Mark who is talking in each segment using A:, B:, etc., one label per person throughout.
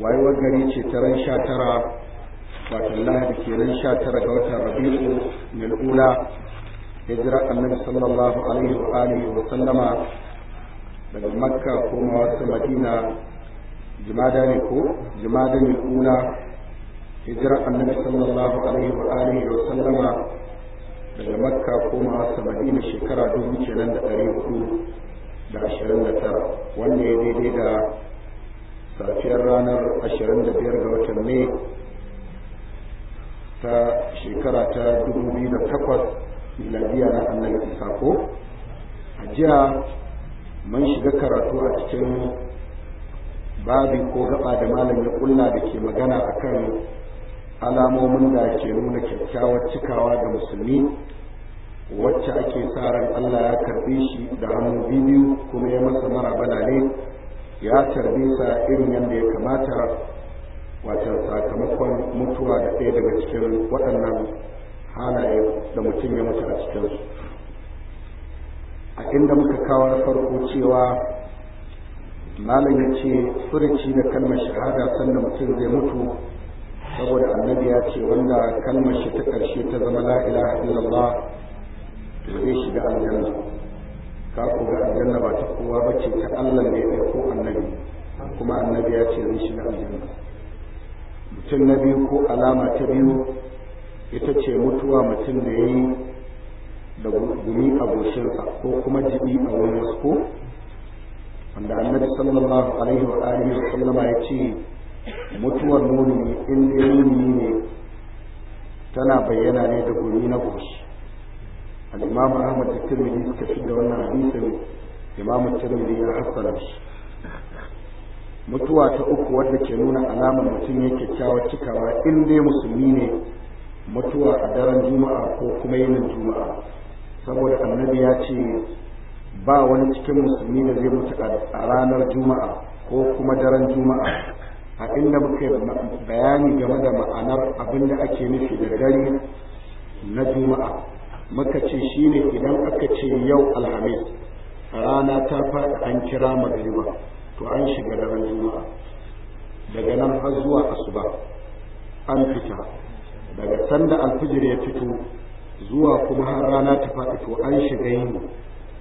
A: wayewar gari ce ta ran sha tara wata lahadi ke ran sha tara ga watan rabi'u mil'ula hijira annabi sallallahu alaihi wa alihi wa sallama daga makka komawa wasu madina jimada ne ko jimada mil'ula hijira annabi sallallahu alaihi wa alihi wa sallama daga makka komawa wasu madina shekara dubu kenan da ɗari hudu da ashirin da tara wanda ya daidai da safiyar ranar 25 ga watan ne ta shekara ta 2008 miladiya na annabi sako a jiya mun shiga karatu a cikin babi ko gaba da malam ya kulla da ke magana akan alamomin da ke nuna kyakkyawar cikawa da musulmi wacce ake sa ran Allah ya karbe shi da hannu biyu kuma ya masa mara balale ya tarbe sa irin yadda ya kamata wata sakamakon mutuwa da ɗaya daga cikin waɗannan halaye da mutum ya mutu a cikinsu a inda muka kawo na farko cewa malam ya ce furici da kalmar shahada sannan mutum zai mutu saboda annabi ya ce wanda kalmar shi ta ƙarshe ta zama la'ila ilaha illallah to zai shiga aljanna ka ku ga aljanna ba ta kowa ba ce ta Allah ne ya ko annabi kuma annabi ya ce zai shiga aljanna mutum na biyu ko alama ta biyu ita ce mutuwa mutum da ya yi da gumi a goshinsa ko kuma jibi a wani wasu ko wanda annabi sallallahu alaihi wa alihi wa sallama ya ce mutuwar muni in dai ne tana bayyana ne da gumi na goshi al ahmad da tirmidhi suka fi da wannan hadisin imam tirmidhi ya hassana mutuwa ta uku wanda ke nuna alamar mutum ya kyakkyawar cikawa in dai musulmi ne mutuwa a daren juma'a ko kuma yinin juma'a saboda annabi ya ce ba wani cikin musulmi da zai mutu a ranar juma'a ko kuma daren juma'a a inda muka bayani game da ma'anar abin da ake nufi da dare na juma'a muka ce shine idan aka ce yau alhamis rana ta faɗi an kira magariba to an shiga daren juma'a daga nan har zuwa asuba an fita daga sanda alfijir ya fito zuwa kuma har rana ta faɗi to an shiga yin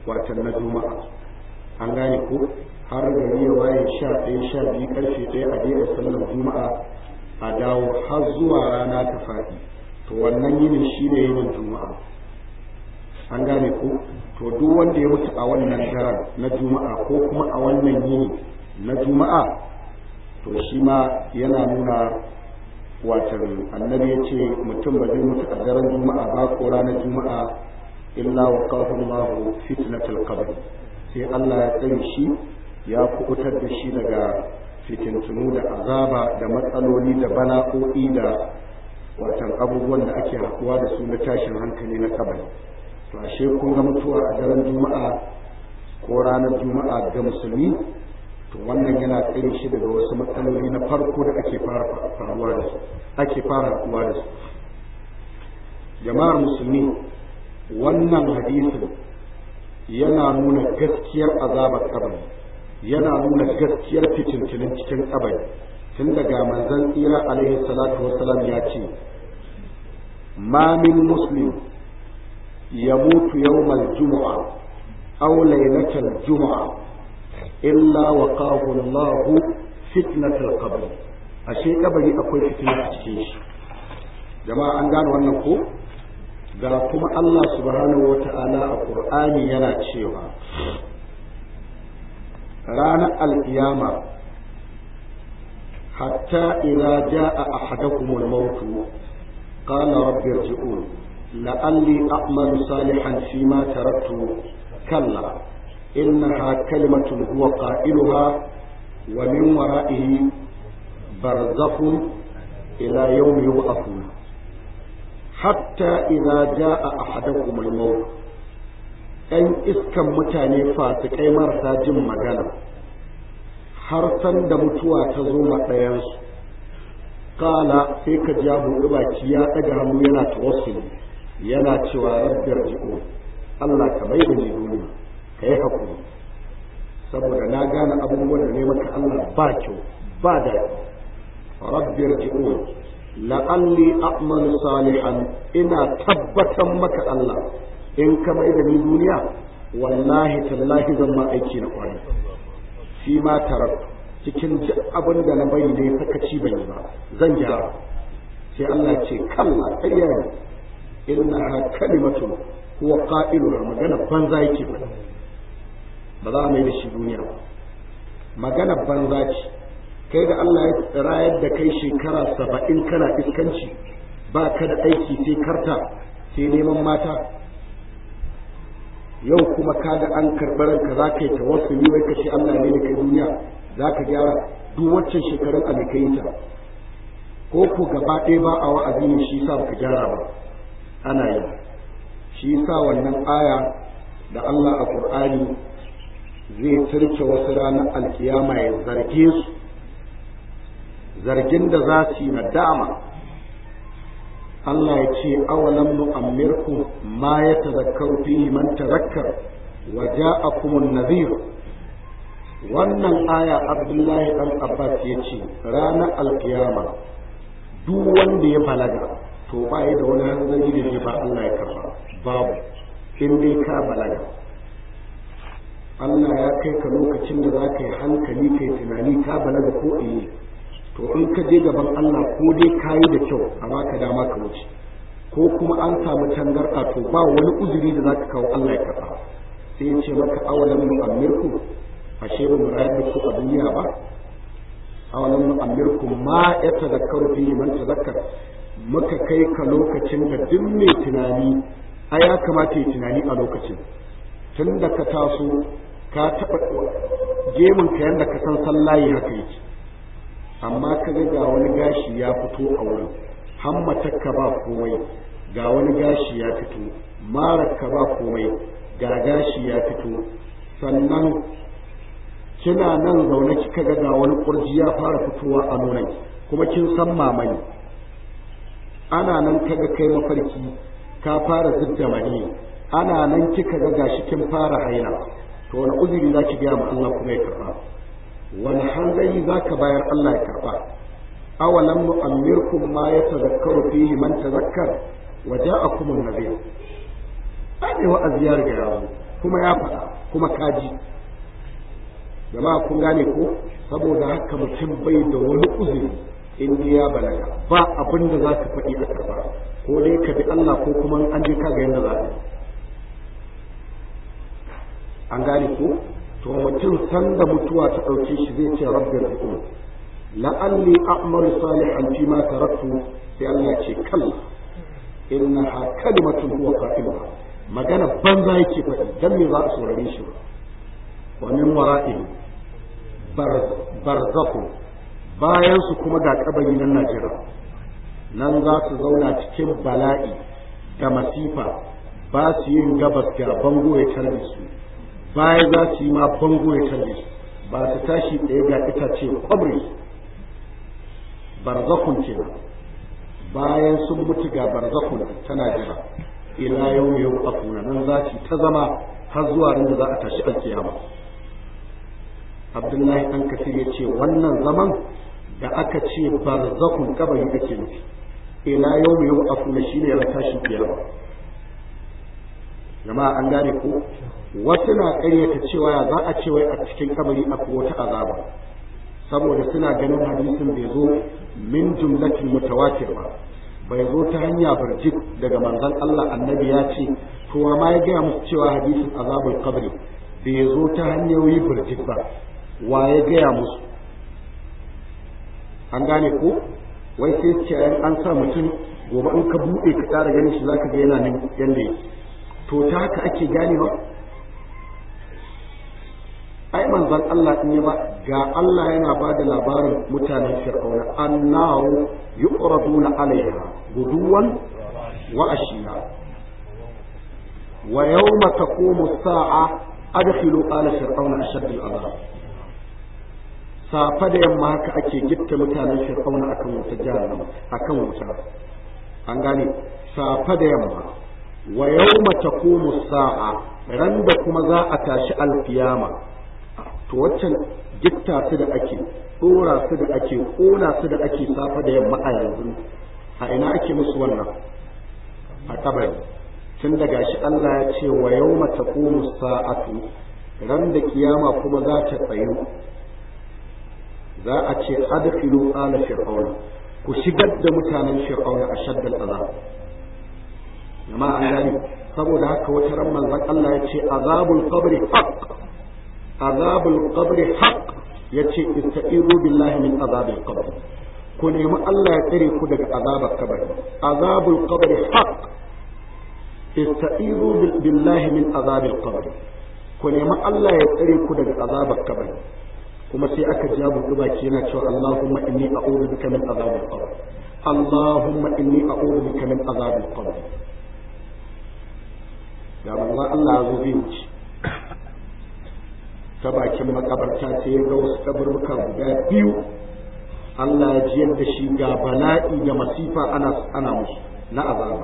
A: watan na juma'a an gane ko har gari ya waye sha ɗaya sha biyu ƙarfe ɗaya a daina sallar juma'a a dawo har zuwa rana ta faɗi to wannan yinin ne yinin juma'a an gane ku to duk wanda ya mutu a wannan daren na juma'a ko kuma a wannan yini na juma'a to shi ma yana nuna watan annabi ya ce mutum ba zai mutu a daren juma'a ba ko ranar juma'a illa wa kafin mahu fitnatul qabr sai Allah ya tsare shi ya kubutar da shi daga fitintunu da azaba da matsaloli da bala'o'i da watan abubuwan da ake hakuwa da su na tashin hankali na kabari to ashe kun ga mutuwa a daren juma'a ko ranar juma'a ga musulmi to wannan yana tsare shi daga wasu matsaloli na farko da ake fara faruwa da su ake fara faruwa da su jama'ar musulmi wannan hadisin yana nuna gaskiyar azabar kabari yana nuna gaskiyar fitintinin cikin kabari tun daga manzon tsira alaihi salatu wasalam ya ce ma min muslim يموت يوم الجمعة أو ليلة الجمعة إلا وقاه الله فتنة القبر ashe kabari akwai fitina a cikin shi jama'a an gane wannan ko ga kuma Allah subhanahu wata'ala a Qur'ani yana cewa ranar alkiyama hatta idza jaa ahadakumul mautu qala rabbi irji'un لعلي أعمل صالحا mata تركت كلا إنها كلمة هو قائلها ومن ورائه برزخ إلى يوم يبعثون حتى إذا جاء أحدكم الموت ‘yan iskan mutane fasikai marasa jin magana har sanda mutuwa ta zo ma ɗayansu kala sai ka ja buɗe baki ya ɗaga hannu yana tawassuli yana cewa rabbiyar jiko Allah ka bai da ni ka yi hakuri saboda na gane abubuwan da ne maka Allah ba kyau ba da rabbiyar uku la'alli a'malu salihan ina tabbatar maka Allah in ka bai da ni duniya wallahi tallahi zan ma aiki na kwarai shi ma tarar cikin abin da na bai ne sakaci bai ba zan gyara sai Allah ce kalla ayyana inna kalimatu huwa qa'iluha magana banza yake ba. ba za a mai da shi duniya ba magana banza ce kai da Allah ya tsirayar da kai shekara saba'in kana iskanci ba ka da aiki sai karta sai neman mata yau kuma kaga an karɓi ranka za ka yi tawassuli wai ka ce Allah ne da kai duniya za ka gyara duk waccan shekarun a kai ta ko ku gaba ɗaya ba a wa'azi ne shi sa ba ka gyara ba ana yi shi sa wannan aya da Allah a Qur'ani zai turke wasu ranar alkiyama ya zarge su zargin da za su yi dama. Allah ya ce awalam nu'ammirkum ma ya yatazakkaru fihi man tazakkar wa ja'akumun nadhir wannan aya Abdullahi dan Abbas ya ce ranar alkiyama duk wanda ya balaga to ba yi da wani hanzari da zai ba Allah ya karba babu in dai ka balaga Allah ya kai ka lokacin da za ka yi hankali kai tunani ka balaga ko eh to in ka je gaban Allah ko dai ka yi da kyau a ka dama ka wuce ko kuma an samu tangarɗa to ba wani uzuri da za ka kawo Allah ya karba sai ya ce maka awalan amirku ashe ba mu da ku a duniya ba awalan mu'ammirku ma ya tazakkaru fi man tazakkar muka kai ka lokacin da duk mai tunani a ya kamata yi tunani a lokacin tun da ka taso ka taɓa gemun ka yadda ka san sallaye haka yake amma ka ga ga wani gashi ya fito a wurin ka ba komai ga wani gashi ya fito Mara ba komai ga gashi ya fito sannan kina nan zaune kika ga ga wani kurji ya fara fitowa a nonon kuma kin san mamani ana nan kaga kai mafarki ka fara zubda mani ana nan kika ga gashi kin fara haila to wani uzuri za ki gaya ma Allah kuma ya karba wani hanzari za ka bayar Allah ya karba awalan mu'ammirkum ma ya tazakkaru fihi man tazakkar wa ja'akum an-nabiy ai wa aziyar ga yawo kuma ya faɗa kuma kaji jama'a kun gane ko saboda haka mutum bai da wani uzuri Indiya ya balaga ba abin da za ka faɗi a karba ko dai ka bi Allah ko kuma an je ka ga yadda za ka an gane ko to mutum san da mutuwa ta ɗauke shi zai ce rabbi rahim la'alli a'malu salihan fi ma taraktu sai Allah ce kalla ha kalimatun huwa qa'iluha magana banza yake faɗi dan me za a saurare shi ba wa min wara'in barzakhu bayan su kuma ga kabari nan na jira nan za su zauna cikin bala'i da masifa ba su yin gabas ga bango ya tarbe su baya za su yi ma bango ya tarbe su ba su tashi ɗaya ga itace kwamri. barzakun ce bayan sun mutu ga barzakun tana jira ila yau yau nan za ki ta zama har zuwa ran da za a tashi alkiyama abdullahi dan kasir ya ce wannan zaman da aka ce barzakhun kabari ake nufi ila yawmi shi shine ya tashi kiyama jama'a an gane ko wasu na ƙaryata cewa ya za a ce wai a cikin kabari a wata azaba saboda suna ganin hadisin bai zo min jumlatin mutawatir ba bai zo ta hanya barjik daga manzon Allah annabi ya ce to ma ya gaya musu cewa hadisin azabul kabari bai zo ta hanyoyi barjik ba wa ya gaya musu an gane ko wai sai ce an sa mutum gobe in ka buɗe ka tsara ganin shi za ka ga yana nan yanda to ta haka ake ganewa ai manzon Allah in ya ba ga Allah yana ba da labarin mutanen fir'auna annahu yuqraduna alaiha guduwan wa ashiya wa yawma taqumu as-sa'a adkhilu ala fir'auna ashadd al-'adab safa da yamma haka ake gitta mutanen fir'auna kan wuta a kan wuta an gane safa da yamma wa mata ko sa'a ran da kuma za a tashi alfiyama to waccan gitta su da ake tsora su da ake kona su da ake safa da yamma a yanzu a ina ake musu wannan a kabari tun daga shi Allah ya ce wa yawma ko sa'atu ran da kiyama kuma za ta tsayu za a ce adkhilu ala fir'auna ku shigar da mutanen fir'auna a shaddal azab jama'a an gani saboda haka wata ran manzon Allah ya ce azabul qabri haqq azabul qabri haqq yace istairu billahi min azabil qabr ku nemi Allah ya tsare ku daga azabar kabari azabul qabri haqq istairu billahi min azabil qabr ku nemi Allah ya tsare ku daga azabar kabari kuma sai aka ja buɗe baki yana cewa Allahumma inni a'udhu bika min azabil qabr Allahumma inni a'udhu bika min azabil qabr da Allah Allah ya zo zai ta bakin makabarta ta yi ga wasu kaburbuka guda biyu Allah ya ji yadda shi ga bala'i da masifa ana ana musu na azaba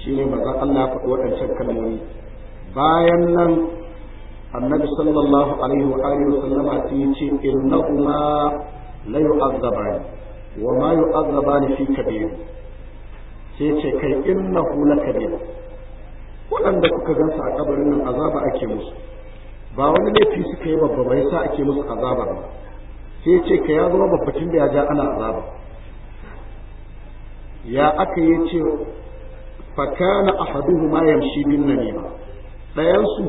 A: shine maza Allah ya faɗi waɗancan kalmomi bayan nan annabi sallallahu alaihi wa alihi wasallama sun ya ce innahuma la yu'azzabani wa ma yu'azzabani fi kabir sai ce kai innahu la kabir waɗanda kuka gansa a kabarin nan azaba ake musu ba wani laifi suka yi babba bai sa ake musu azaba ba sai ce ka ya zama babbacin da ya ja ana azaba ya aka yi ce fakana ahaduhuma yamshi bin namima su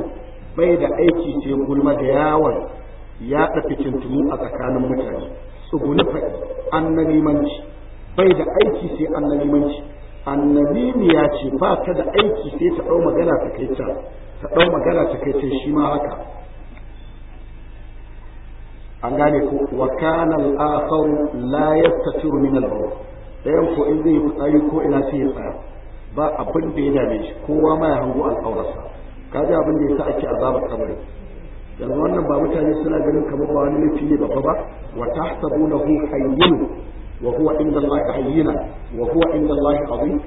A: bai da aiki sai gulma da yawon ya tafi cintumu a tsakanin mutane tsuguni faɗi annalimanci bai da aiki sai annalimanci annabi ya ce ba ta da aiki sai ta ɗau magana ta kai ta ta ɗau magana ta kai ta shi ma haka an gane ko wa kana al-akharu la yastatiru min al-bawl dayan ko in zai fitsari ko ina sai ya tsaya ba abin da ya dame shi kowa ma ya hango al'aurarsa kaji abin da yasa ake azabar kabari yanzu wannan ba mutane suna ganin kamar ba wani laifi ne babba ba wa tahsabunahu hayyun wa huwa inda Allah hayyina wa huwa inda Allah azim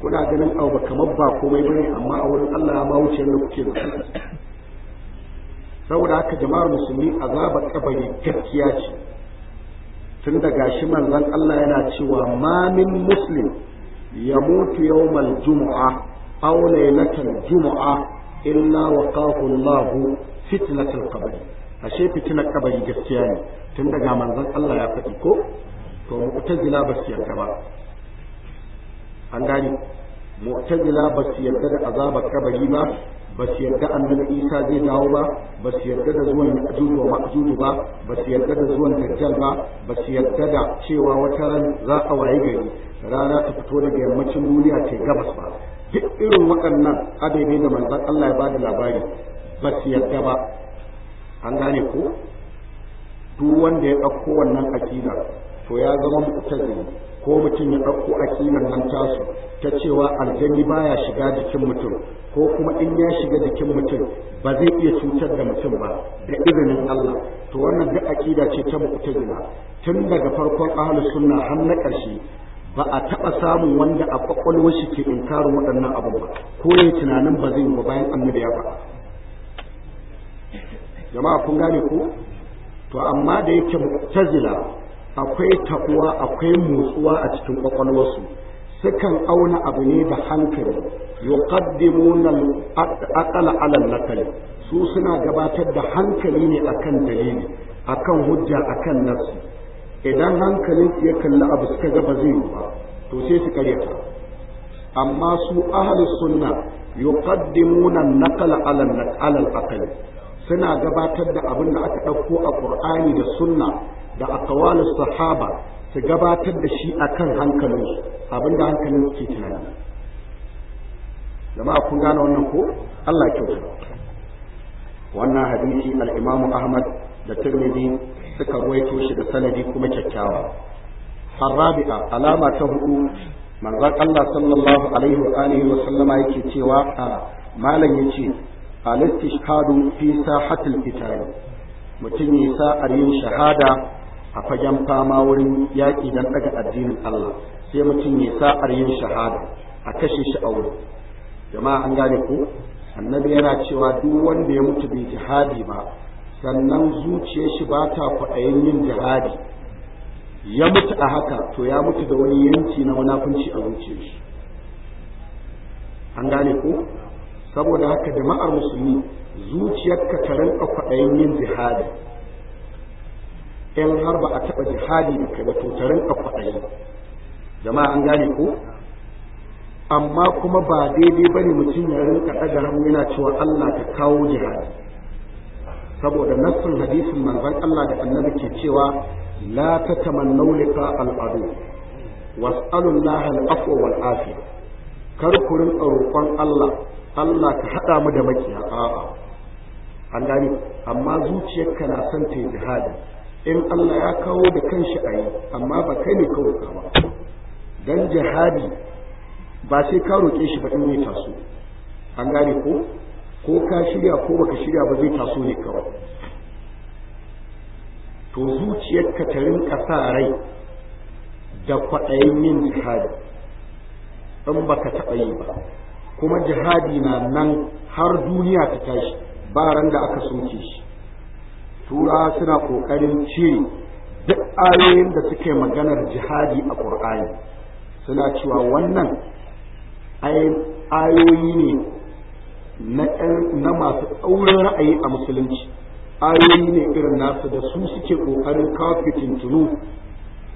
A: kuna ganin abu ba kamar ba komai bane amma a wurin Allah ya ma wuce ne kuke ba saboda haka jama'ar musulmi azabar kabari gaskiya ce tun da gashi manzon Allah yana cewa ma min muslim mutu yawmal jumu'a aw laylatal jumu'a illa waqahu Allah fitnatul qabr ashe fitilar kabari gaskiya ne tun daga manzon Allah ya faɗi ko to mu'tazila ba su yarda ba an gani. mu'tazila ba su yarda da azabar kabari ba ba su yarda annabi Isa zai dawo ba ba su yarda da zuwan Ya'juj wa Ma'juj ba ba su yarda da zuwan Dajjal ba ba su yarda da cewa wata ran za a waye gari rana ta fito daga yammacin duniya ta gabas ba duk irin waɗannan adabi da manzan Allah ya ba da labari ba su yarda ba an gane ko duk wanda ya ɗauko wannan akida to ya zama mutane ko mutum ya ɗauko akidan nan tasu ta cewa aljani baya shiga jikin mutum ko kuma in ya shiga jikin mutum ba zai iya cutar da mutum ba da izinin Allah to wannan duk aƙida ce ta mutane tun daga farkon ahlus sunna har na ƙarshe ba a taɓa samun wanda a kwakwalwar shi ke inkarin waɗannan abu ba ko ya tunanin ba zai ba bayan annu da yaba. jama'a kun gane ko to amma da yake mu'tazila akwai takuwa akwai motsuwa a cikin kwakwalwarsu sukan auna abu ne da hankali yuqaddimuna al-aqla 'ala al-naqli su suna gabatar da hankali ne akan dalili akan hujja akan nafsi idan hankalin ya kalli abu suka ga ba zai yi ba to sai su karyata amma su ahli sunna yuqaddimuna an-naqla ala ala al-aql suna gabatar da abin da aka ɗauko a qur'ani da sunna da aqwal sahaba su gabatar da shi akan hankalin su abin da hankalin su ke tunani jama'a kun gane wannan ko Allah kyauta wannan hadisi al-Imam Ahmad da Tirmidhi suka ruwaito shi da sanadi kuma kyakkyawa harabi'a alama ta hudu manzan Allah sallallahu alaihi wa alihi wa sallama yake cewa a malam yace al-istishhadu fi sahatil qital mutum ne sa'ar yin shahada a fagen fama wurin yaƙi dan daga addinin Allah sai mutum ya sa yin shahada a kashe shi a wurin jama'a an gane ku. annabi yana cewa duk wanda ya mutu bi jihadi ba sannan zuciyar shi ba ta kwaɗayin yin jihadi ya mutu a haka to ya mutu da wani yanci na munafunci a zuciyar shi an gane ko saboda haka jama'ar musulmi zuciyarka ta rinka kwaɗayin yin jihadi in har ba a taɓa jihadi da kai ba to ta rinka jama'a an gane ko amma kuma ba daidai bane mutum ya rinka ɗaga hannu yana cewa Allah ka kawo jihadi saboda nassun hadisin manzon Allah da annabi ke cewa la tatamannu lika al-adu was'alu Allah al-afwa wal afiya kar ku rinka roƙon Allah Allah ka hada mu da makiya a'a an gani amma zuciyarka na son ta jihadi in Allah ya kawo da kanshi ayi amma ba kai ne ka roƙa ba dan jihadi ba sai ka roƙe shi ba in bai taso an gane ko ko ka shirya ko baka shirya ba zai taso ne kawai to zuciyarka ta rinka sa rai da kwaɗayin yin jihadi in baka taɓa yi ba kuma jihadi na nan har duniya ta tashi ba ran da aka soke shi tura suna ƙoƙarin cire duk ayoyin da suke maganar jihadi a ƙur'ani suna cewa wannan ayoyi ne na masu ɗaurin ra'ayi a musulunci ayoyi ne irin nasu da su suke ƙoƙarin kawo tunu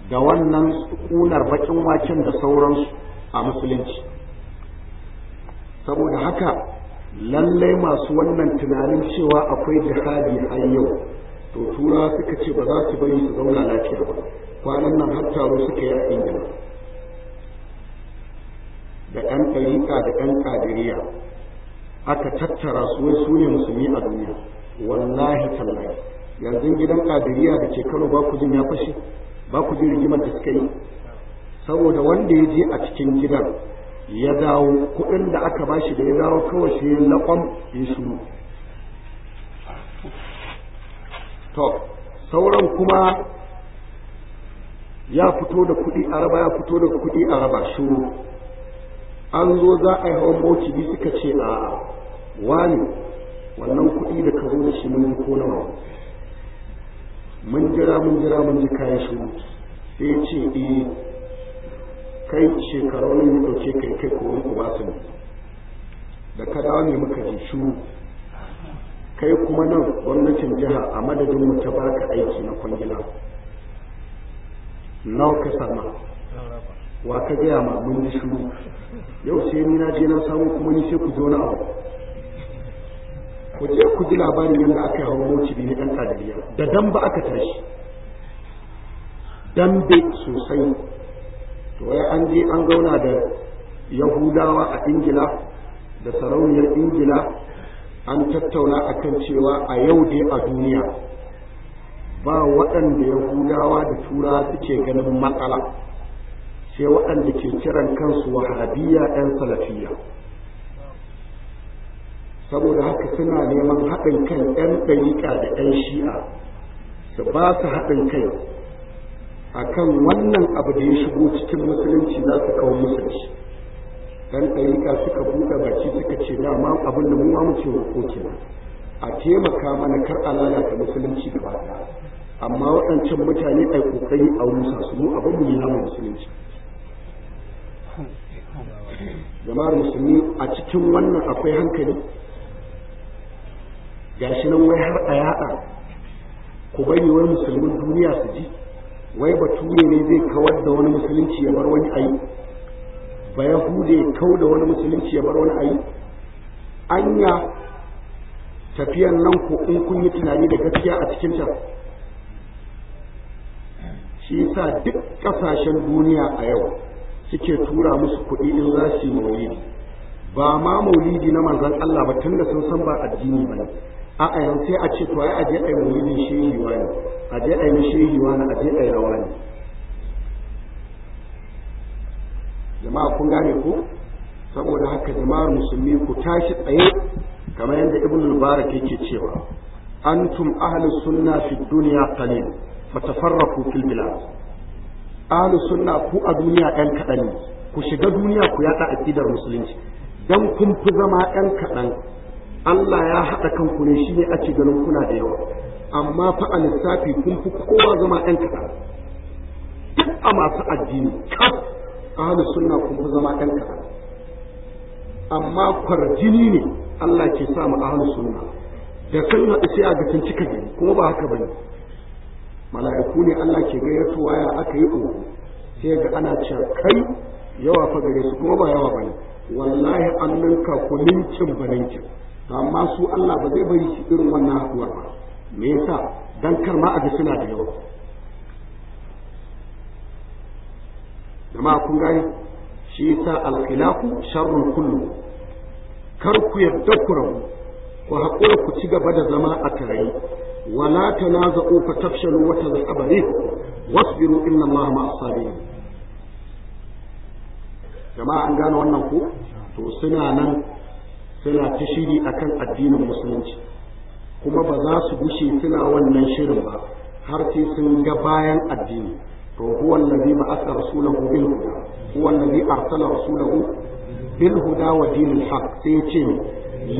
A: da wannan ƙunar baƙin waken da sauransu a musulunci saboda haka lallai masu wannan tunanin cewa akwai jihadi a yau to tura suka ce ba za su bari su zauna lafiya ba kwanan nan har taro suka yi a ingila da 'yan ɗariƙa da ɗan ƙadiriya aka tattara su wai su ne musulmi a duniya wallahi tallahi yanzu gidan kadiriya da ke kano ba ku jin ya fashe ba ku jin rigimar da suka yi saboda wanda ya je a cikin gidan ya dawo kuɗin da aka bashi da ya dawo kawai shi na ya shuru to sauran kuma ya fito da kuɗi araba ya fito da kuɗi araba shuru an zo za a yi hawan bi suka ce a wani wannan kuɗi da ka zo da shi mun ko nawa mun jira mun jira mun ji kayan shi sai ce eh kai shekaru wani ya ɗauke kai kai ko wani ba su da ka dawo ne muka ji shuru kai kuma nan gwamnatin jiha a madadin mu ta baka aiki na kwangila nawa ka sama wa ka gaya ma mun yi shiru yau sai ni na je na samu kuma ni sai ku zo na abu ku je ku ji labarin yadda aka yi hawan mauci ne ɗan kadiriya da dan ba aka tashi dambe sosai to an je an gauna da yahudawa a ingila da sarauniyar ingila an tattauna a kan cewa a yau dai a duniya ba waɗanda yahudawa da turawa suke ganin matsala sai waɗanda ke kiran kansu Habiya 'yan salafiya saboda haka suna neman haɗin kan 'yan ɗariƙa da 'yan shi'a su ba su haɗin kai a kan wannan abu da ya shigo cikin musulunci za su kawo musulunci ɗan ɗariƙa suka buɗe baki suka ce dama abin da mu ma muke roƙo kenan a taimaka mana kar a lalata musulunci ba ɗaya amma waɗancan mutane ai ƙoƙari a rusa su mu abin mu yi namu musulunci jama'ar musulmi a cikin wannan akwai hankali gashi nan wai har a yada ku bari wani musulmin duniya su ji wai bature ne zai kawar da wani musulunci ya bar wani ayi ba ya ya kau da wani musulunci ya bar wani ayi anya tafiyan nan ko in kun yi tunani da gaskiya a cikin ta shi yasa duk kasashen duniya a yau suke tura musu kuɗi in za su yi maulidi ba ma maulidi na manzan Allah ba tun da sun san ba addini ba ne. a'a yau sai a ce to ai aje ai maulidin shehi wani aje ai shehi a aje ai ne. jama'a kun gane ko saboda haka jama'ar musulmi ku tashi tsaye kamar yadda ibn barak yake cewa antum ahlus sunna fi dunya qalil fatafarraqu fil bilad ahlu sunna ku a duniya ɗan kaɗan ne ku shiga duniya ku yaɗa aƙidar musulunci dan kun fi zama ɗan kaɗan Allah ya haɗa kanku ne shine ci ganin kuna da yawa amma fa a lissafi kun fi kowa zama ɗan kaɗan duk a masu addini kaf ahlu sunna kun fi zama ɗan kaɗan amma kwarjini ne Allah ke sa mu ahlu sunna da sun haɗu sai a ga cika gani kuma ba haka bane mala'iku ne Allah ke gayyatowa waya aka yi uku sai ga ana cewa kai yawa fa gare su kuma ba yawa ba ne wallahi an ninka ku ninkin ba amma su Allah ba zai bari shi irin wannan haɗuwar ba me yasa dan kar ma a ga suna da yawa jama'a kun gani shi yasa alkhilafu sharrun kullu kar ku yadda ku rabu ku haƙura ku ci gaba da zama a tarayi ولا تنازعوا فتفشلوا وتذهب ريحكم واصبروا ان الله مع الصابرين جماعة wannan قالوا To suna nan suna ta shiri akan addinin musulunci kuma ba za su gushe suna wannan shirin ba har sai sun ga bayan addini to huwan nabi ba aka rasulahu bil huda huwan nabi arsala rasulahu bil huda wa dinil haqq sai ya ce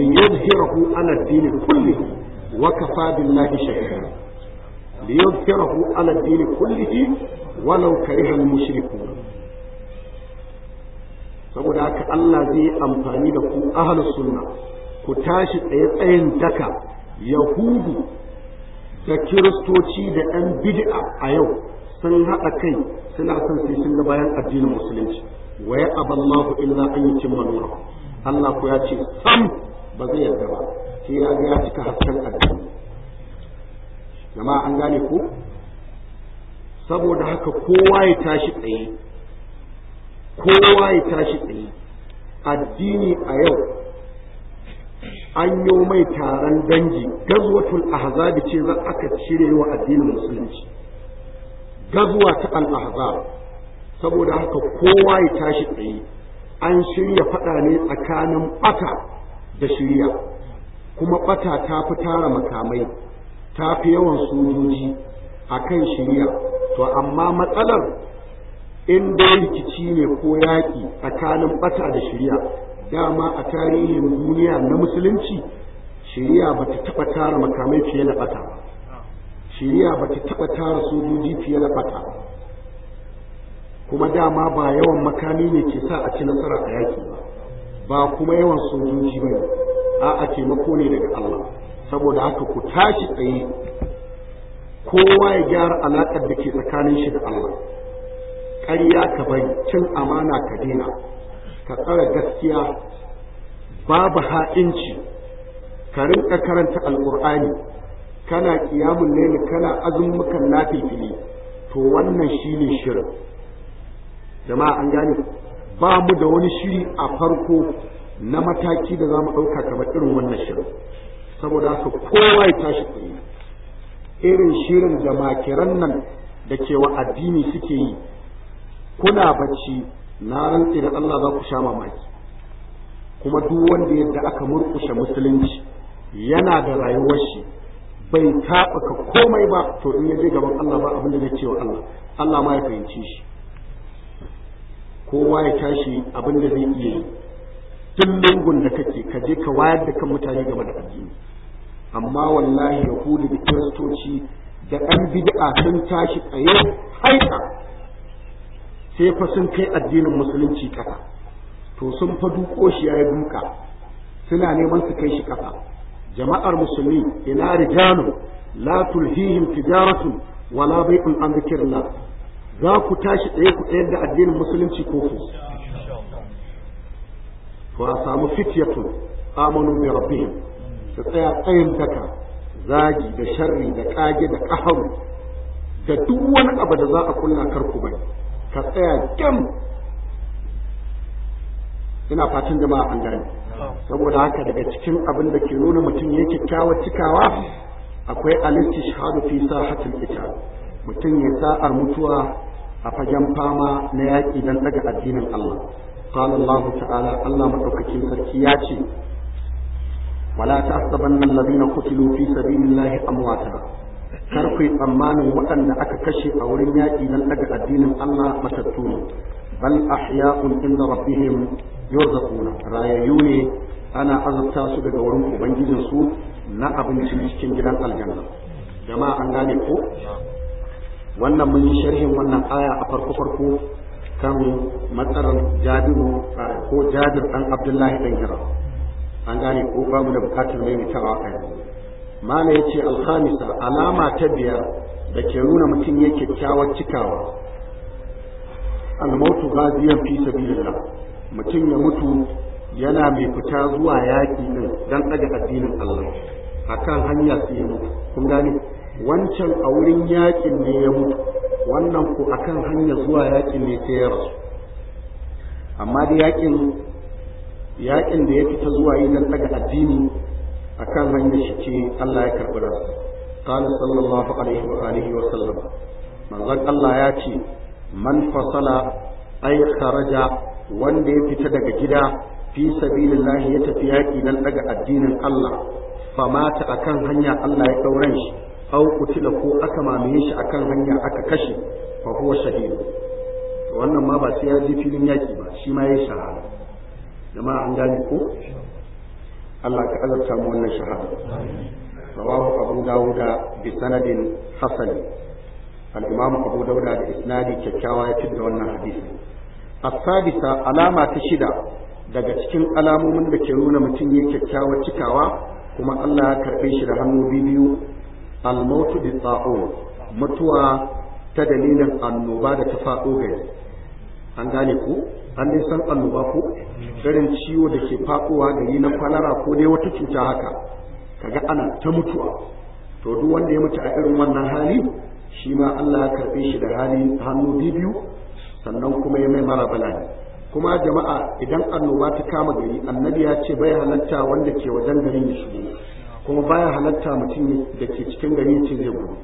A: li yuzhirahu ala dinin din kullihi وكفى بالله شهيدا ليظهره على الدين كله ولو كره المشركون saboda haka Allah zai amfani da ku ahlus sunna ku tashi tsaye tsayin daka yahudu da kiristoci da 'yan bid'a a yau sun haɗa kai suna son sai ga bayan addinin musulunci wa ya aballahu illa an yutimma nura Allah ku ya ce sam ba zai yarda ba sai ya ga ya cika hasken addini jama'a an gane ko saboda haka kowa ya tashi tsaye kowa ya tashi tsaye addini a yau an yi mai taron dangi gazwatul ahzabi ce za aka cire wa addinin musulunci gazwa ta al-ahzab saboda haka kowa ya tashi tsaye an shirya faɗa ne tsakanin baka da shirya kuma ɓata ta fi tara makamai ta fi yawan sojoji akan kan to amma matsalar inda dai rikici ne ko yaƙi tsakanin bata da shirya dama a tarihin duniya na musulunci shirya bata ta taɓa tara makamai fiye da bata ba bata ba taɓa tara sojoji fiye da bata ba kuma dama ba yawan makami ne ke sa a ci nasara a yaƙi ba ba kuma yawan sojoji ba a'a taimako ne daga Allah saboda haka ku tashi tsaye kowa ya gyara alaƙar da ke tsakanin shi da Allah ƙarya ka bari cin amana ka daina ka tsara gaskiya babu ha'inci ka rinka karanta alƙur'ani kana ƙiyamun laili kana azummukan fili. to wannan shine shirin jama'a an gane ba mu da wani shiri a farko na mataki da za mu ɗauka kamar irin wannan shirin saboda haka kowa ya tashi tsaye irin shirin da makiran nan da ke wa addini suke yi kuna bacci na rantse da Allah za ku sha mamaki kuma duk wanda yadda aka murkushe musulunci yana da rayuwar shi bai taɓaka komai ba to in ya je gaban Allah ba abin da zai ce wa Allah Allah ma ya fahimci shi kowa ya tashi abin da zai iya yi duk lungun da kake ka je ka wayar da kan mutane game da addini amma wallahi yahudi da kiristoci da ɗan bid'a sun tashi tsaye haika sai fa sun kai addinin musulunci kafa to sun fa duko shi ya duka suna neman su kai shi kafa jama'ar musulmi ina rijalu la tulhihim tijaratu wala bai'un an dhikrillah za ku tashi tsaye ku tsayar da addinin musulunci ko ku to a samu fityatu amanu bi rabbihim su tsaya tsayin daka zagi da sharri da kage da kaharu da duk wani abu da za a kunna karku bai ka tsaya gam ina fatan jama'a an gane saboda haka daga cikin abin da ke nuna mutum ya kyakkyawar cikawa akwai shahadu fi sahatil ita, mutum ya sa'ar mutuwa a fagen fama na yaƙi don daga addinin Allah قال الله تعالى الله مدوكين سركي ياتي ولا تحسبن الذين قتلوا في سبيل الله امواتا karku tsammanin waɗanda aka kashe a wurin yaƙi don daga addinin Allah matattu ne bal ahya'un inda rabbihim yurzaquna rayayyu ne ana azabta su daga wurin ubangijin su na abinci cikin gidan aljanna jama'a an gane ko wannan mun yi sharhin wannan aya a farko farko samun matsalar jabiru ko jabir dan abdullahi dan jira an gane ko ba mu da bukatar maimaitawa a yanzu mana ya ce alhamisa alama ta biyar da ke nuna mutum ya kyakkyawar cikawa almautu gaziyan fi sabilillah mutum ya mutu yana mai fita zuwa yaƙi din dan tsaga addinin Allah akan hanya su ya mutu kun gane wancan a wurin yakin ne ya mutu wannan ku akan hanya zuwa yakin ne sai ya rasu amma da yakin yakin da ya fita zuwa yi dan daga addini akan hanyar shi ce Allah ya karɓi Sallallahu alaihi صلى الله عليه وآله وسلم Allah ya ce man fasala, فصل أي خرج wanda ya fita daga gida fi sabilillahi ya tafi yaƙi dan daga addinin Allah famata akan hanya Allah ya ɗaurin shi aw da ko aka mamaye shi akan hanya aka kashe fa huwa shahid wannan ma ba sai ya ji filin yaki ba shi ma yayi shahada jama'a an gane ko Allah ka azabta mu wannan shahada rawahu abu dawuda bi sanadin hasan al-imam abu dawud da isnadi kyakkyawa ya fitar da wannan hadisi السادسة alama ta shida. daga cikin alamomin da ke nuna mutum ya kyakkyawar cikawa kuma Allah ya karbe shi da hannu biyu al-mautu bi ta'un mutuwa ta dalilin annoba da ta faɗo gari an gane ku an dai san annoba ko irin ciwo da ke faɗowa gari na kwalara ko dai wata cuta haka kaga ana ta mutuwa to duk wanda ya mutu a irin wannan hali shi ma Allah ya karɓe shi da hali hannu biyu sannan kuma ya mai mara bala'i kuma jama'a idan annoba ta kama gari annabi ya ce bai halatta wanda ke wajen garin shi kuma baya halatta mutum da ke cikin gari cin zai gudu